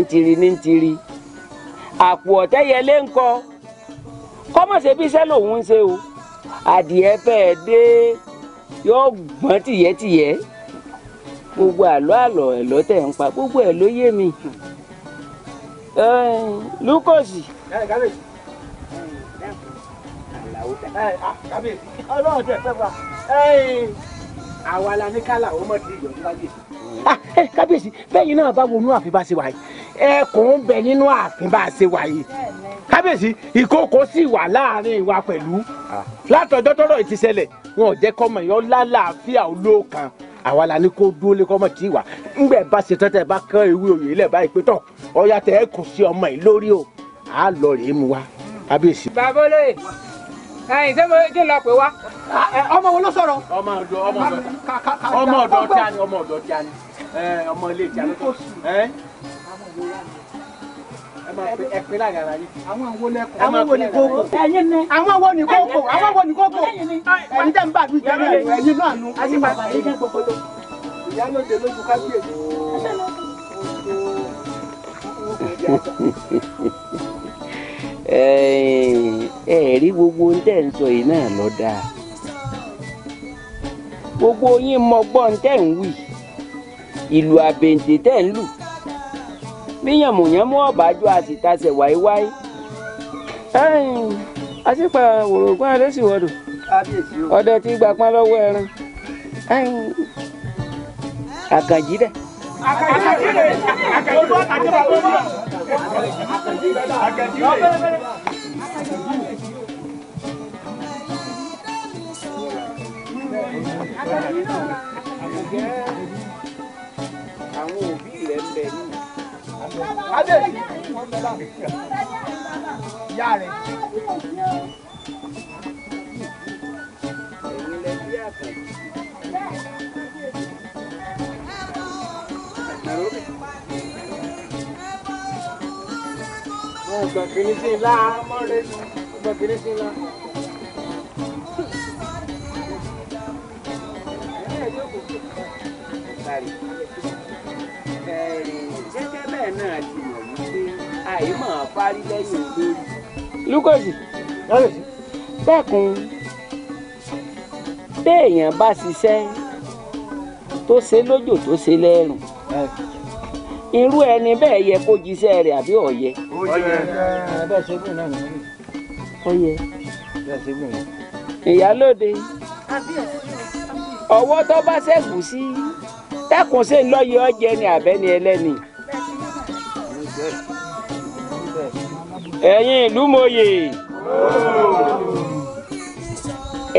ntìrì ní ntìrì àpò ọ̀tẹ́yẹlé ńkọ kọ́mọ̀ṣe bí iṣẹ́ lòun ń ṣe o adìẹ fẹ́ẹ́ dé yóò gbọ́n tìyẹ́tìyẹ́ gbogbo àlọ́ àlọ́ ẹ̀ lọ́tẹ̀ ń pa gbogbo ẹ̀ ló yé mi lukosi. ọlọ́run tẹ fẹ́ fa àwa la ní kálá àwọn ọmọ tí ìjọba yé. kábíyèsí bẹ́yìn náà bá wọnú àfin bá ṣe wáyé ẹkùn ń bẹ nínú àfin bá ṣe wáyé kábíyèsí ìkókó sì wà láàrin wa pẹ̀lú ah. látọjọ́ tọ́rọ̀ ìtìṣẹlẹ̀ wọn ò jẹ́ kọ́mọ yọ lálàáfíà olóòkan àwa la ní kó dúró lé kọ́mọ̀ tí wà ńgbẹ́ bá ṣe tán tẹ́ bá kán ewé òye lẹ̀ báyìí pé tán ọ̀yà tẹ́ ẹ kù sí ọmọ yìí lórí o à lọ rèé mu wa kábíyèsí. babolóye ẹyin ṣé mo jẹ́ lọ pé wá. ọmọ wo ló sọ̀rọ̀. ọmọ ọ̀dọ̀ ọmọ ọ̀dọ̀ ọmọ ọ̀dọ̀ tí a ní ọmọ ọ̀dọ̀ tí a ní ọmọ ilé tí a ní àwọn wo lẹkùn. àwọn wo ni kókò. àwọn wo ni kókò. àwọn wo ni kókò. ẹ̀yin bá àdúgbò ìjà náà náà nù. ìyá ló dé lójú kábíyèsí. ẹ (laughs) ẹ rí gbogbo tẹ́ ń sọ yìí náà lọ dáa gbogbo yín mọ gbọ́n tẹ́ ń wì ìlú àbèǹdè tẹ́ ń lù bí yànmùyánmú ọ̀bájú àsìtasẹ̀ wáíwáí. àṣìpa òrògùn adésìwọ̀dù ọdẹ tí gba pọn lọ́wọ́ ẹran àkànjí dẹ̀. àkànjí dẹ̀ àkànjí dẹ̀ àkànjí dẹ̀. àwọn òbí rẹ̀ ń bẹ nínú kábíyèsí ìyá rẹ̀. ẹ̀yin lẹ bí àkàndé. wọn gbà kìíní sí ńlá mọ́rẹ́ gbà kìíní sí ńlá. Thank you náà ti mọ̀ wípé àìmọ̀ parí lẹ́yìn olórí. lukosi dákun béèyàn bá ṣiṣẹ́ tó ṣe lójò tó ṣe lẹ́rùn irú ẹni bẹ́ẹ̀ yẹ kó jíṣẹ́ rẹ̀ àbí ọ̀yẹ. ọ̀yẹ bẹ́ẹ̀ ṣe gbìn náà nìyí. ọ̀yẹ. bẹ́ẹ̀ ṣe gbìn náà. ìyálóde ọwọ́ tó bá ṣẹ́gun sí tẹ́kùn ṣe ń lọ́yẹ ọ̀jẹ̀ ni àbẹ́ni ẹlẹ́ni ẹ̀yin ìlú mòye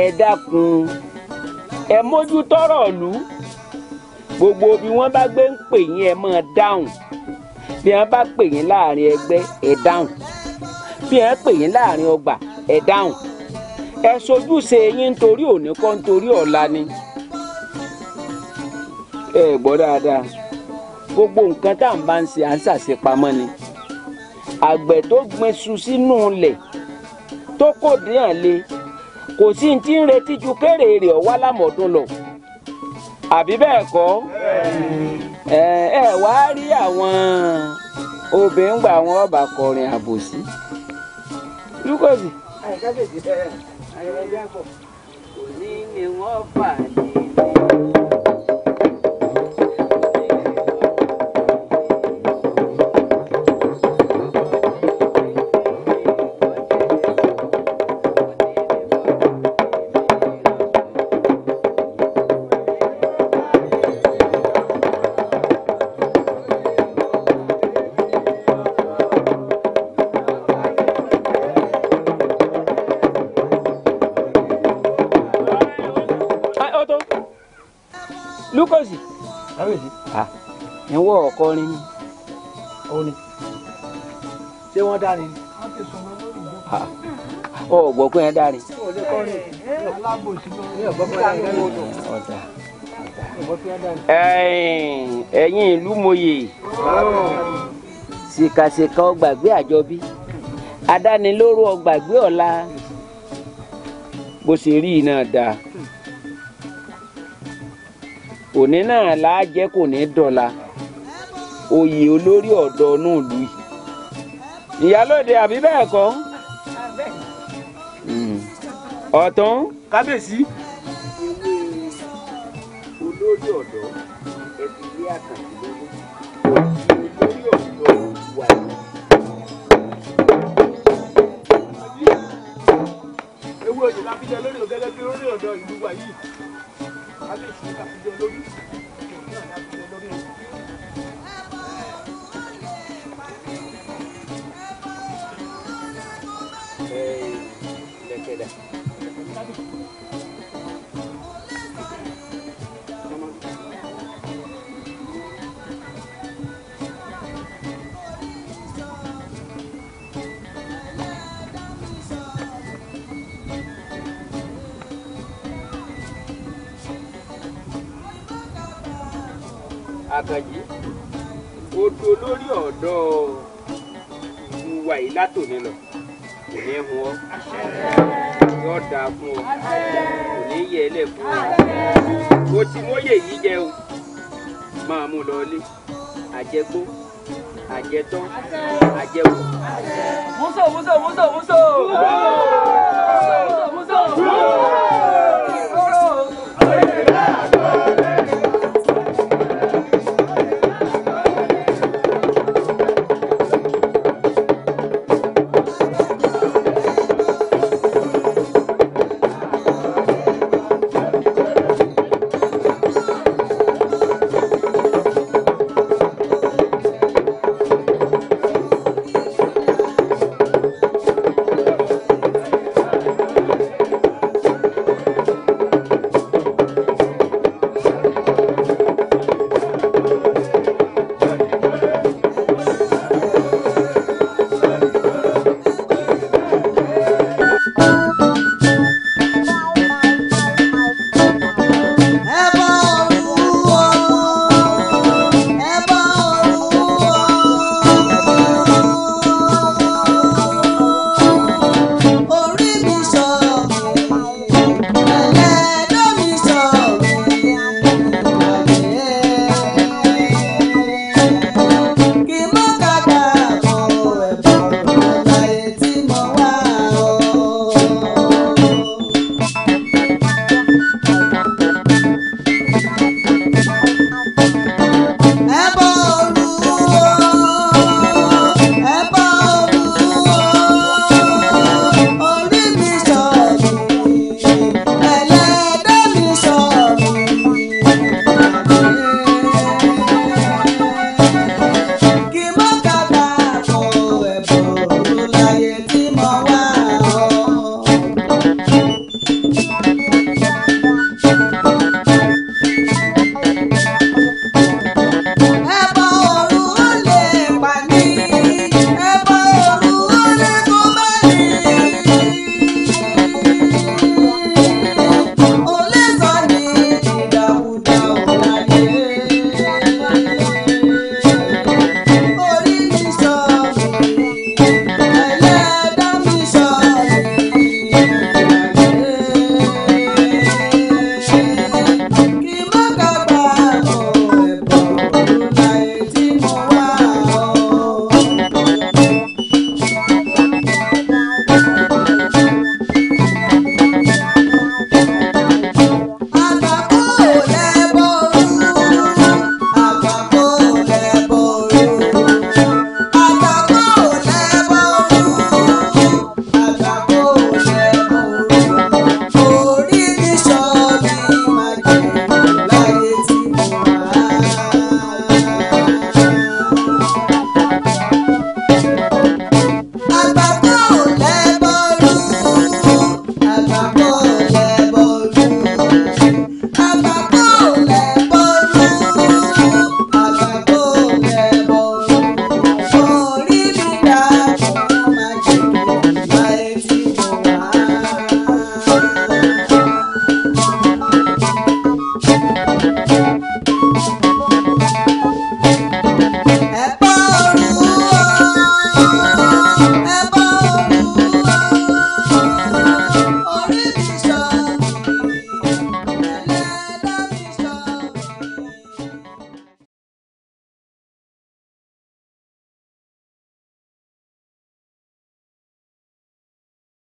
ẹ dákun ẹ mójútọ́rọ̀ ìlú gbogbo bí wọ́n bá gbé ń pè yín ẹ máa dáhùn bí wọ́n bá pè yín láàrin ẹgbẹ́ ẹ dáhùn bí wọ́n pè yín láàrin ọgbà ẹ dáhùn ẹ ṣojúṣe yín nítorí òní kọ́ nítorí ọ̀la ni ẹ gbọ́ dáadáa gbogbo nǹkan tá à ń bá ń ṣe à ń ṣàṣepamọ́ ni àgbẹ̀ tó gbin iṣu sínú ilẹ̀ tó kò díhàn le kò sí ní tí ń retí ju kéré rẹ̀ wá lámọ̀dún lọ àbí bẹ́ẹ̀ kọ́ ẹ ẹ wá rí àwọn obìnrin gbà wọn ọba kọrin àbòsí lúkọ̀sì. àìkábèjì bẹ́ẹ̀ ayẹyẹ bí àpò kò ní ni wọ́n fà á. ọ̀gbọ́ pé yẹn dárin. ẹ̀yin ìlú mòye ṣìkàṣìkà ọgbàgbé àjọbí adánilóró ọgbàgbé ọ̀la bó ṣe rí iná da òní náà láàjẹ́ kò ní dọ̀la oyè olórí ọ̀dọ́ náà lù yìí ìyálóde àbí bẹ́ẹ̀ kọ́ ọ̀tún. kábíyèsí. olórí ọ̀dọ́ ẹbí ilé àkàndínlógún olórí ọ̀dọ́ wà ní. ewu òjò la lórí ọ̀dọ́ ìlú wa yìí kábíyèsí lórí. di olórí ọ̀dọ́ ìlú wa lọ kò ní hun ọ yóò dáa fún ọ kò ní yẹ ẹlẹ fún ọ o ti mọyè yìí jẹ o máa mú lọ ilé àjẹgbó àjẹtọ àjẹwò. múso múso múso múso múso múso múso.